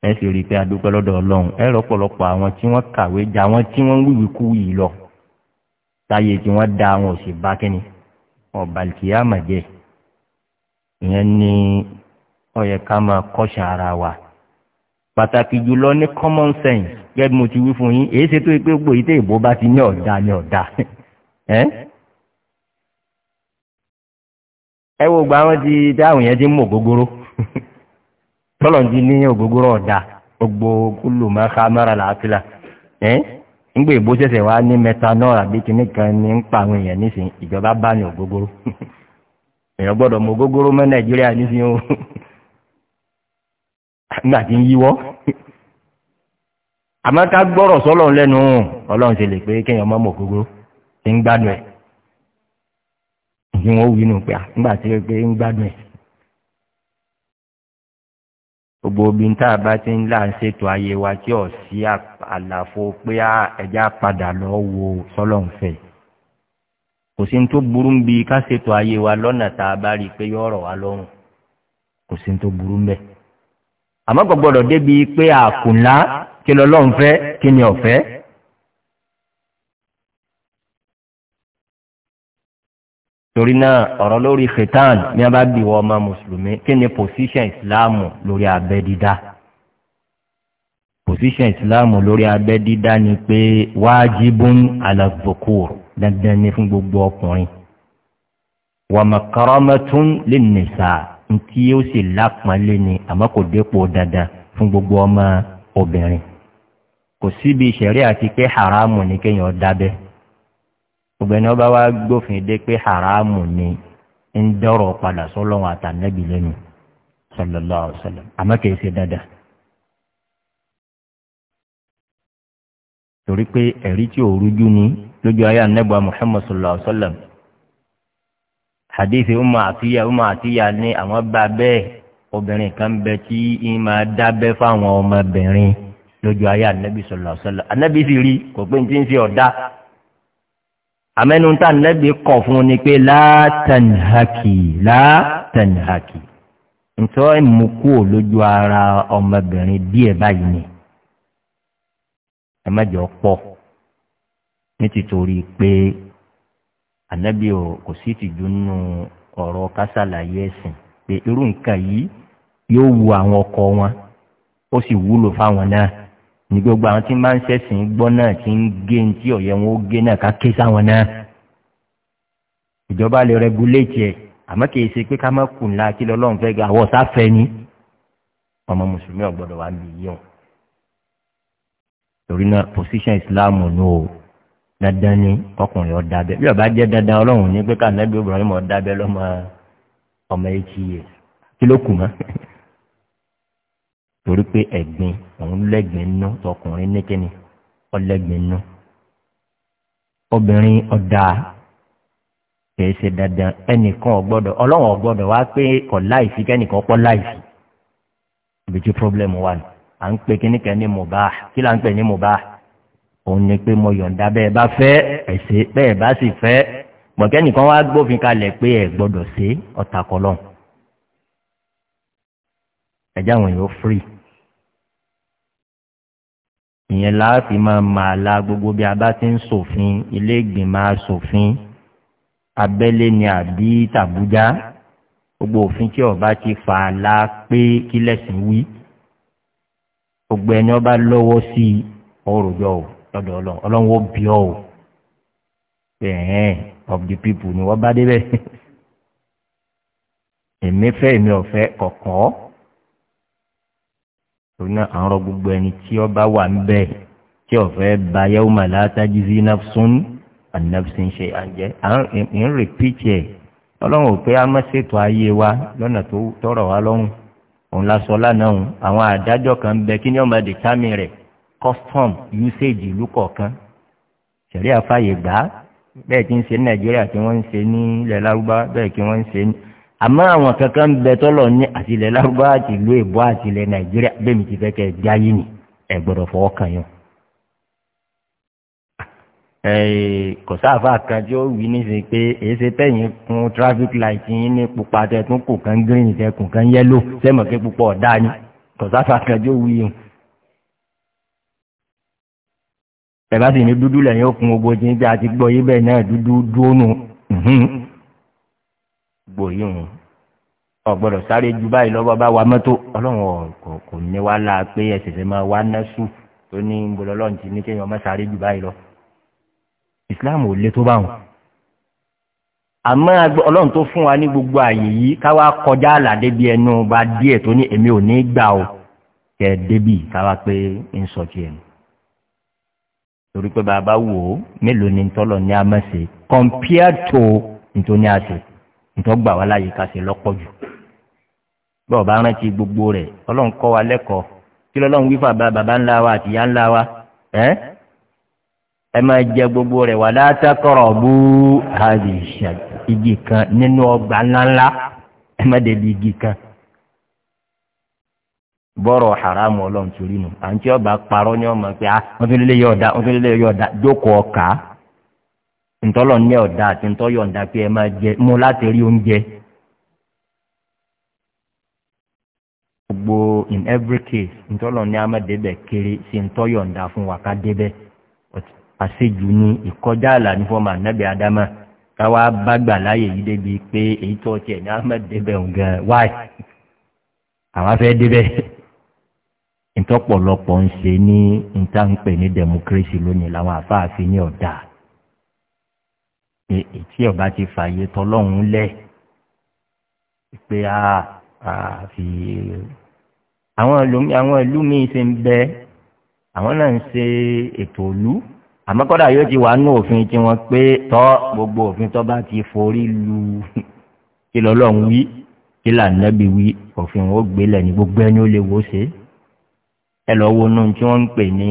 ẹ sì rí i pé adúpẹ́ lọ́dọ̀ ọlọ́run ẹ rọ́pọ̀lọpọ̀ àwọn tí wọ́n kàwé jà àwọn tí wọ́n ń wíwì kú yìí lọ táyé tí wọ́n da àwọn òsì bá kẹ́ni ọ̀bà kìámà jẹ́ ìyẹn ni ó yẹ ká máa kọ́ṣà ara wa pàtàkì jùlọ ní common sense gẹ́gẹ́ bí mo ti wí fún yín èyí ṣe tó gbòòyí tẹ́ ìbò bá ti ní ọ̀dà ní ọ̀dà ẹ́. ẹ wo gba wọn ti táwọn yẹn ti ń mọ ògógóró tọ́lọ̀ ti ní ògógóró ọ̀dà gbogbo kúlù máa ká mára làákìlà ẹ́ ńgbè bó ṣẹ̀ṣẹ̀ wá ní metanol àbí kinní kan ní ń pa àwọn èèyàn nísìnyí ìjọba bá ní ògógóró èèyàn gbọ́dọ̀ mọ ògógóró mọ́ nàìjíríà nísìnyí o nígbà tí ń yíwọ́ àmọ́ ká gbọ́rọ̀ sọ́lọ́run lẹ́nu ọlọ́run ṣe lè pé kéèyàn mọ́ mọ̀ ògógóró ti ń gbádùn ẹ̀ ìdí wọn wí nù pé à nígbà tí ó pé ń gbádùn ẹ̀. gbogbo obìnrin tá a bá ti ń là ń ṣètò ayé wa tí ò sí àlàfo pé ẹja padà lọ wo sọlọ́ǹfẹ̀ kò sí ní tó burú ń bi ká ṣètò ayé wa lọ́nà tá a bá rí i pé yọ ọ̀rọ̀ wa lọ́rùn kò sí ní tó burú ń àmọ́ gbọ́dọ̀ débi pé àkùnlá kí lọ́lọ́run kí ni ọ̀fẹ́. torí náà ọ̀rọ̀ lórí khitan ní a bá bí wọ́n ọmọ mùsùlùmí kí ni position ìsìláàmù lórí abẹ́ dídá position ìsìláàmù lórí abẹ́ dídá ni pé wájibun alazokor dandan ni fún gbogbo ọkùnrin wàmàkàrọ́mẹ́tún lè nìsà ntí yóò sì lápọ̀nlé ni àmọ́ kò dépò dandan fún gbogbo ọmọ obìnrin kò síbi ìṣẹ̀rí àti pé haramu ni kéèyàn dábẹ́ ògbẹ́ni ọba wa gbófin dé pé haramu ni ń dọ́rọ̀ padà sọ́lọ́wọ́n àtànẹ́bí lẹ́nu sọlọ́lá ọ̀sọ̀lọ́ àmọ́ kìí ṣe dáadáa. torí pé ẹ̀rí tí ò rújú ni lójú ayé anẹ́gbà muhammed sọlọ́lá ọ̀sọ̀lọ́ hadithi umar àtiyá umar àtiyá ní àwọn bá bẹ́ẹ̀ obìnrin kan bẹ tí ń máa dábẹ́ fáwọn ọmọbìnrin lójú ayé anẹ́bí sọlọ́lá ọ̀sọ̀lọ́ anẹ́bí sì rí kò pé ní ti ń ṣe ọ̀dá àmẹ́nu tá nẹ́bí kọ̀ fún ni pé látàníhàkì látàníhàkì ntọ́ ìmúkú lójú ara ọmọbìnrin díẹ̀ báyìí ni ẹ mẹ́jọ pọ̀ nítorí pé ànẹ́bí kò sí tìjú nínú ọ̀rọ̀ kásálàyé ẹ̀sìn pé irú nǹkan yìí yóò wu àwọn ọkọ wọn ó sì wúlò fáwọn náà ní gbogbo àwọn tí máa ń ṣẹ̀sìn gbọ́ náà ti ń gé ní tí ọ̀yẹ́ wọn ó gé náà ká ké sáwọn náà ìjọba lè rẹguléètì ẹ̀ àmọ́ kì í ṣe pé ká má kù ńlá kí lọ́lọ́run fẹ́ ga àwọ̀ sáfẹ́ ni ọmọ mùsùlùmí ọ̀gbọ́dọ̀ wà mí yíyan torí náà position islam ní o dandan ni ọkùnrin ọ̀dà bẹ́ẹ̀ bí ọba jẹ́ dandan ọlọ́run ní pé ká nàbí obìnrin ọ̀dà bẹ́ẹ̀ lọ́mọ ọmọ etí kí ló kù mọ́ torí pé ẹ̀gbin òun lẹ́gbin ná tọkùnrin nìkíni ọlẹ́gbin ná obìnrin ọ̀dà kìí ṣe dandan ẹnìkan ọ̀gbọ́dọ̀ ọlọ́run ọ̀gbọ́dọ̀ wá pé kọ̀ láìsí kẹ́nìkan pọ̀ láìsí ibi tí problem wà ní à ń pè kíní kan ní mubah kí là ń pè ní mubah òun ni pé mo yọ̀ǹda bẹ́ẹ̀ bá fẹ́ ẹ̀sẹ̀ bẹ́ẹ̀ bá sì fẹ́ mọ̀kẹ́nìkan wá gbófin kalẹ̀ pé ẹ̀ gbọ́dọ̀ ṣe ọ̀tàkọ́lọ́n ẹ̀já àwọn èèyàn free ìyẹn láàfin máa máa la gbogbo bí a bá ti ń sòfin ilé ìgbìmọ̀ asòfin abẹ́lé ni àbí tàbújá gbogbo òfin tí ọba ti fà á la pé kí lẹ́sìn wí gbogbo ẹni ọba lọ́wọ́ sí i ọ̀rọ̀jọ́ o lọ́dọ̀ ọlọ́run bí ọ o ẹ̀hẹ́n of the people ni wọ́n bá débẹ̀ èmi fẹ́ èmi ọ̀fẹ́ kọ̀ọ̀kan torí náà àwọn ọ̀rọ̀ gbogbo ẹni tí ó bá wà ń bẹ́ẹ̀ tí ọ̀fẹ́ ba yẹ́wò mà látàjì sí nafsun ànàfsì ń ṣe àjẹ́ à ń rèpíìtì ẹ̀ ọlọ́run ò pé a má ṣètò ayé wa lọ́nà tó tọrọ wa lọ́rùn òun la sọ lánàá òun àwọn àdájọ́ kan bẹ kí ni ọmọ dìtámì rẹ̀ custom usage ìlú kọ̀ọ̀kan ṣẹ̀rí àfàyè gbà bẹ́ẹ̀ tí ń ṣe ní nàìjíríà tí wọ́n ń ṣe ní ilẹ̀ lárúbá bẹ́ẹ̀ kí wọ́n ń ṣe ní àmọ́ àwọn kankan ń bẹ tọ́lọ̀ ní àtìlẹ̀ lárúbá àti ìlú èbó àtìlẹ̀ nàìjíríà bẹ́ẹ̀ mi ti fẹ́ kẹ́ ẹ di ayé ni ẹ gbọ́dọ̀ fọwọ́ kàn yàn. kò sáfà kan tí ó wí nísìnyí pé èyí ṣe tẹ̀yìn kun traffic light yín ní pupa tẹ̀tún kù kan green tẹ̀kùn kan yellow sẹ́mọ̀ pé púpọ̀ ọ̀dá ni kò sáfà kan tí ó wí yìí. bẹ̀rẹ̀ bá sì ní dúdú lẹ́yìn ó gbogbo jí àti gbọ́ yí bẹ́ẹ̀ náà dúdú dúónù ipò yìí ọ̀gbọ́dọ̀ sáré ju báyìí lọ́wọ́ bá wa mọ́tò ọlọ́run kò ní wá la, pé ẹsẹ̀ fẹ́ máa wá nẹ́sù tó ní gbọdọ̀ ọlọ́run ti ní kéèyàn máa sáré ju báyìí lọ. islam ò lé tó bá wọn. àmọ́ ọlọ́run tó fún wa ní gbogbo àyè yìí káwá kọjá àlàdé bí ẹnu bá díẹ̀ tó ní èmi ò ní gbà o kẹ débì káwá pé ń sọ tiẹ̀ nù. torí pé bàbá wò ó mélòó ni tọ́lọ̀ ní a mọ̀ sí compared to nítorí àṣẹ ntọ́gbà wa láyé ká ṣe lọ́pọ̀ jù bọ́ọ̀ bá rántí gbogbo rẹ̀ ọlọ́run kọ́ wa lẹ́kọ̀ọ́ kí lọ́lọ́run wí fà bá baba ńlá wa àti ìyá ńlá wa ẹ́ ẹ máa jẹ gbogbo rẹ̀ wà látàkọ̀rọ̀ bú àdì igi kan nínú ọgbà ńláńlá ẹ má débi igi kan bọ́rọ̀ haramu ọlọ́run torí nù à ọba parọ́ ní ọmọ pé ah wọ́n tún lélẹ́yọ̀ ọ̀dà wọ́n tún lélẹ́yọ̀ ọ̀dà jókòó ọ̀ka ntọ́lọ̀ ní ọ̀dà àti ntọ́yọ̀ ọ̀dà pé ẹ máa jẹ mú láti rí oúnjẹ. gbogbo in every case ntọ́lọ̀ ní amadébẹ̀ kéré sí ntọ́yọ̀ ọ̀dà fún wàká débẹ̀ àṣejù ní ìkọjá àlà ní fọ́ọ̀mù ànábì ádámà káwá bá gbà láàyè yìí débi pé èyí tó ọtí ẹ̀ ní amadébẹ̀ ọ̀gán wáì àwa fẹ́ débẹ̀ ntọ́pọ̀lọpọ̀ ń ṣe ní ntàǹpẹ̀ ní democracy lónìí làwọn àfáàfin ní ọ̀dà tí ọba ti fààyè tọlọ́hún lẹ̀ pé a fi àwọn ìlú míì ṣe ń bẹ àwọn náà ń ṣe ètò òlú àmọ́ kọ́dà yóò ti wà nínú òfin tí wọ́n pé tọ́ gbogbo òfin tó bá ti forí lu kí lọ́lọ́run wí kí lànàbí wí òfin wọn ó gbélẹ̀ ní gbogbo ẹni ó lè wò ó ṣe ẹ lọ wo nù tí wọ́n ń pè ní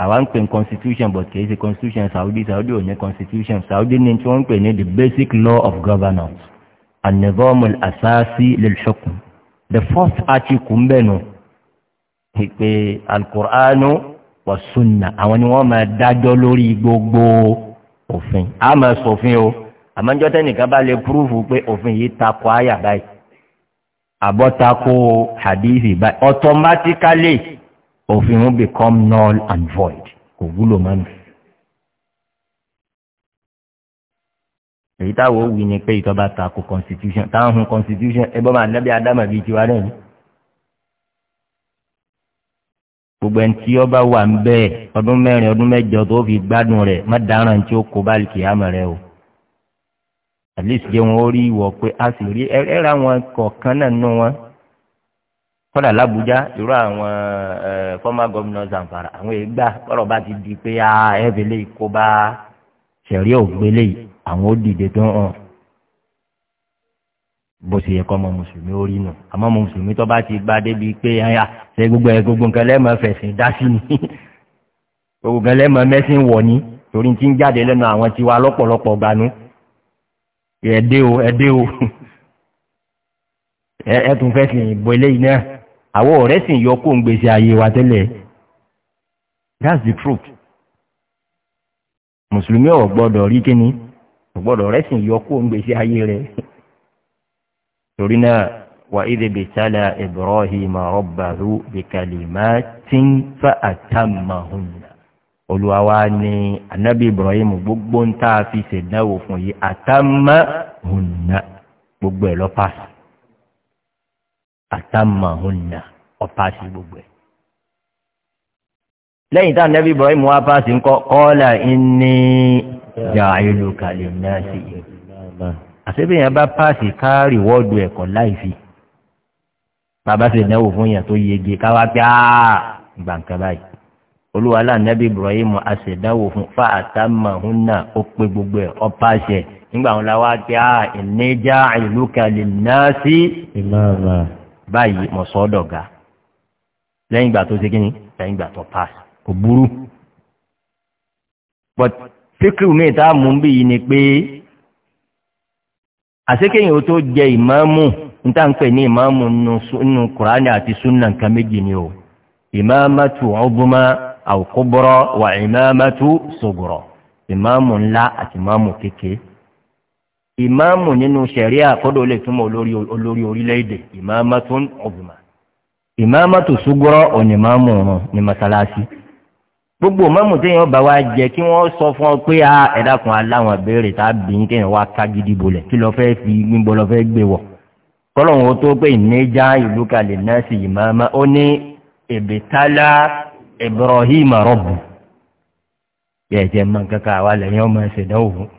àwa ń pè constitution but kì í ṣe constitution saudi saudi ò ní constitution saudi ní tí wọ́n ń pè ní the basic law of governance and anivomul asasi lilṣokun the first article ń bẹ̀nu pé alukur'anu wa sunna àwọn ni wọ́n máa dájọ́ lórí gbogbo òfin a máa sòfin o àmọ́jọ́ tẹ́nìkan bá lè púrúfù pé òfin yìí takò àyà báyìí àbọ̀ takò hadithi báyìí automatically òfin will become null and void kò wúlò mọ́ ni. èyí táwọn wí ni pé ìtọ́ba tako constitution táwọn hun constitution ẹgbọ́n máa nẹ́bí adama bíi tiwa náà ni. gbogbo ẹni tí ọba wà ń bẹ́ẹ̀ ọdún mẹ́rin ọdún mẹ́jọ tó fi gbádùn rẹ̀ má dáràn tí ó kó báàlì kìámọ̀ rẹ o. at least jẹ́ wọn ó rí ìwọ̀ pé a sì rí ẹ̀rẹ́ ra wọn kọ̀ọ̀kan náà nú wọn kọ́dà làbújá irú àwọn former governor zamfara àwọn ègbà kọ́dà bá ti di pé ah, ẹ̀fẹ̀ lè kó bá sẹ̀rí ògbélé àwọn ó dìde tó hàn bó ṣe yẹ kọ́ ọmọ mùsùlùmí ó rí nù àmọ́ ọmọ mùsùlùmí tó bá ti gba débi pé ẹ̀yà ṣe gbogbo ẹ̀ gbogbo nǹkan lẹ́mọ̀ fẹ̀sìn dá sí ni gbogbo nǹkan lẹ́mọ̀ mẹ́sìn wọ̀ ni torí ti ń jáde lẹ́nu àwọn tiwa lọ́pọ̀lọpọ̀ gbanú ẹ̀ẹ́dẹ́ o ẹ̀ẹ́dẹ́ o ẹ̀ẹ́dùn fẹ́sìn ìbò eléyìí náà àwọn ọ̀rẹ́ sì ń yọ kó ń gbèsè ayé wa tẹ́lẹ̀ that's the truth mùsùlùmí ò gbọ́dọ̀ rí kíni ò gbọ́dọ̀ rẹ́ sì ń yọ kó ń gbèsè ayé rẹ̀ torí náà wà ìdè bìtálà ibrahim ọ̀bàrú bìkàlìmá tí ń fa àtàmàhùn olùwàwá ni anabi ibrahim gbogbo ń tá fi ṣèdánwò fún yìí àtàmàhùn gbogbo ẹ̀ lọ́ àtàmàhùnà ọ̀páàsì gbogbo ẹ̀. lẹ́yìn táwọn nẹ́bí ibrahim wá páàsì ńkọ́ kọ́ọ́là ní ìjà ayélujára náà sí i. àṣebíyàn bá páàsì káàrí wọ́ọ̀dù ẹ̀kọ́ láìfi. bàbá ṣe náwó fún yàn tó yege káwá pé gbà nǹkan báyìí. olúwalá nẹ́bí ibrahim àṣẹ̀dáwò fún fa àtàmàhùnà ó pé gbogbo ẹ̀ ọ̀páàṣẹ nígbà wọn la wá pé ìníjà ayélujára náà sí i báyìí mọ̀ sọ́dọ̀ ga lẹ́yìn ìgbà tó ṣe kíni lẹ́yìn ìgbà tó pass kò burú. but fíkìrì mi ta mú bí yìí ni pé àṣekéyìn ó tó jẹ ìmáàmù níta ń pè ní ìmáàmù nínú kùránì àti súnà nǹkan méjì ni o ìmáàmàtú ọgbọmọ àwòkúbọrọ wà ìmáàmàtú sọgbọrọ ìmáàmù ńlá àti ìmáàmù kékeré ìmáàmù nínú sẹ̀ríà kọ́dọ̀ lè túnmọ̀ olórí orílẹ̀-èdè ìmáàmátún ọ̀gbìmọ̀ ìmáàmátù ṣúgbọ́rọ̀ ònìmáàmù ọ̀ràn ní masalasi gbogbo máàmù téèyàn bá wá jẹ kí wọ́n sọ fún ọ pé ah, a ẹ̀dá kan aláwọn abẹ́rẹ́ tá a bì í kéèyàn wá ká gidi bolẹ̀ kí lọ fẹ́ fi gbígbọ́ lọ fẹ́ gbé wọ̀ kọ́lọ̀hún ó tó pé ìnẹ́jà ìlú kalẹ̀ náà sì ìmáàmá ó ní èbìtálá ibrahim rọ̀bù yẹ̀ẹ́dẹ́ máa kankan àwa lẹ́yìn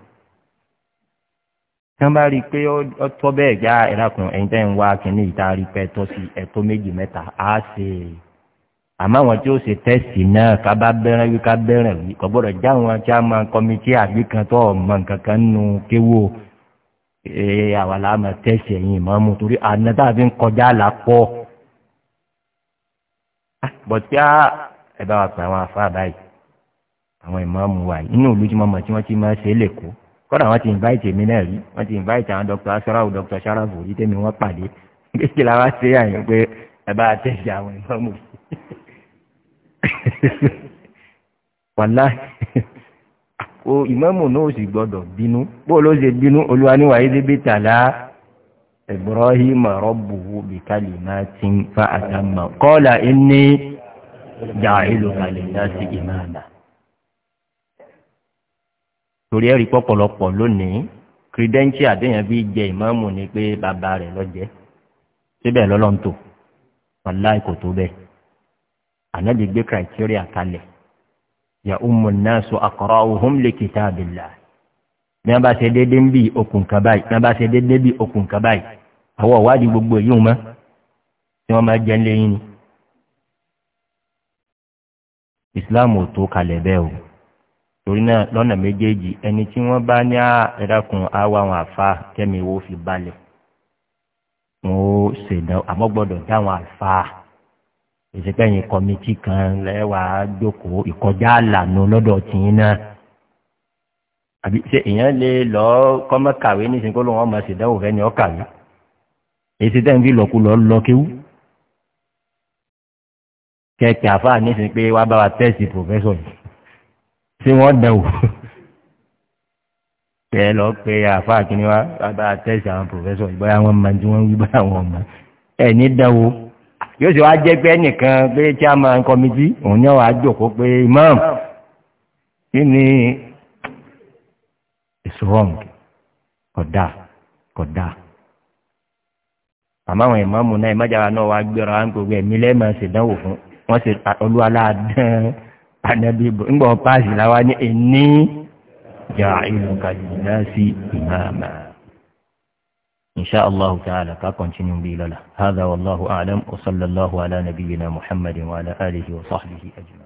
tí wọ́n bá rí i pé ó tọ́ bẹ́ẹ̀ já ẹ̀rákùn ẹ̀yìn tẹ́ ń wá kínní ìta rí pẹ́ tọ́ sí ẹ̀tọ́ méjì mẹ́ta á ṣe àmọ́ àwọn tí ó ṣe tẹ́sì náà ká bá bẹ́rẹ̀ wí ká bẹ́rẹ̀ wí kò gbọ́dọ̀ já àwọn tí a máa kọ́mítì àbí kan tó ọmọ nǹkan kan kéwò ee àwa la tẹ́sì ẹ̀yìn ìmọ̀ọ́mù torí àná tá a fi ń kọjá là pọ̀ ah, bọ̀tí á ẹ bá wa pè àwọn àfa báyìí àwọn ìmọ̀ọ́mù wa yìí inú ìlú tí mo mọ̀ tí wọ́n ti máa ṣe é lè kó kọ́dà wọ́n ti invite mi náà rí wọ́n ti invite àwọn dr asarawu dr sharafu rí tẹ́mi wọ́n pàdé kéèké la wá ṣe àyàn pé ẹ bá tẹ̀sí àwọn ìmọ̀mù wàlá o ìmọ̀mù náà sì gbọ́dọ̀ bínú bó ló ṣe bínú olúwa ní wàyí débi tàlá ibrahim rọ́bùhù bìkálì máa ti ń fa àtàmà kọ́là ẹni jà ìlú sí ìmáàmà torí ẹ̀rí pọ̀pọ̀lọpọ̀ lónìí kìrìdẹ́ńtì àdéhùn bí jẹ ìmáàmù ni pé bàbá rẹ̀ lọ́jẹ́ síbẹ̀ lọ́lọ́ntò wàláì kò tó bẹ́ẹ̀ ànábì gbé criteria kalẹ̀ yà ọmọ náà sọ àkọ́rọ́ ohun lè kìtà àbìlà ní wọ́n bá ṣe déédé ń bí okùn kan báyìí ní wọ́n bá ṣe déédé bí okùn kan báyìí àwọn ìwádìí gbogbo èyí wọn tí wọ́n máa jẹ́ ńlẹ́yìn ni islam ò tó kalẹ̀ bẹ́ẹ̀ o torí náà lọ́nà méjèèjì ẹni tí wọ́n bá ní ẹ̀dákun àwa àwọn àfa tẹ́mi wo fi balẹ̀ wọn ó ṣèdán àmọ́ gbọ́dọ̀ dáwọn àfa ìsìnkẹ́yìn kọ́mítì kan lẹ́wàá jókòó ìkọjá àlànà lọ́dọ̀ tìyín náà àbí ṣe èèyàn lè lọ kọ́mọ́ kàwé nísìnyí kó ló ṣèdánwò fẹ́ ni ọ́ kàwé èsì tẹ́ lọ́kù lọ lọ kéwú kẹ̀kẹ́ àfa nísìnyí pé wàá bá wa tẹ́sì pòfẹ́sọ̀ yìí ṣé wọ́n dẹ̀ wò tẹ lọ pé àfáà kìíní wa bàbá àtẹ̀sí àwọn pòfẹ́sọ̀ ìbáyà wọn máa tí wọ́n wí bá àwọn ọmọ ẹ̀ ní dẹ̀ wò yóò ṣe wá jẹ́ pé ẹnìkan pé tí a máa ń kọmití òun ní wàá jòkó pé imam kí ni is wrong kódà àmọ́ àwọn ìmọ̀ọ́mù náà ìmọ̀jára náà wàá gbéra wọn gbogbo ẹ̀mí lẹ́ẹ̀mọ̀ ṣèdánwò fún wọn ṣe olúwa láàdán ànàbí ìgbọ̀ páàsì láwá ní ẹni jà ìlú kàjìdá sí ìmáàmà insha allahu ta'ala ka continue bi lala hadha wallahu a'lam wa sallallahu ala nabiyyina muhammadin wa ala alihi wa sahbihi ajma'in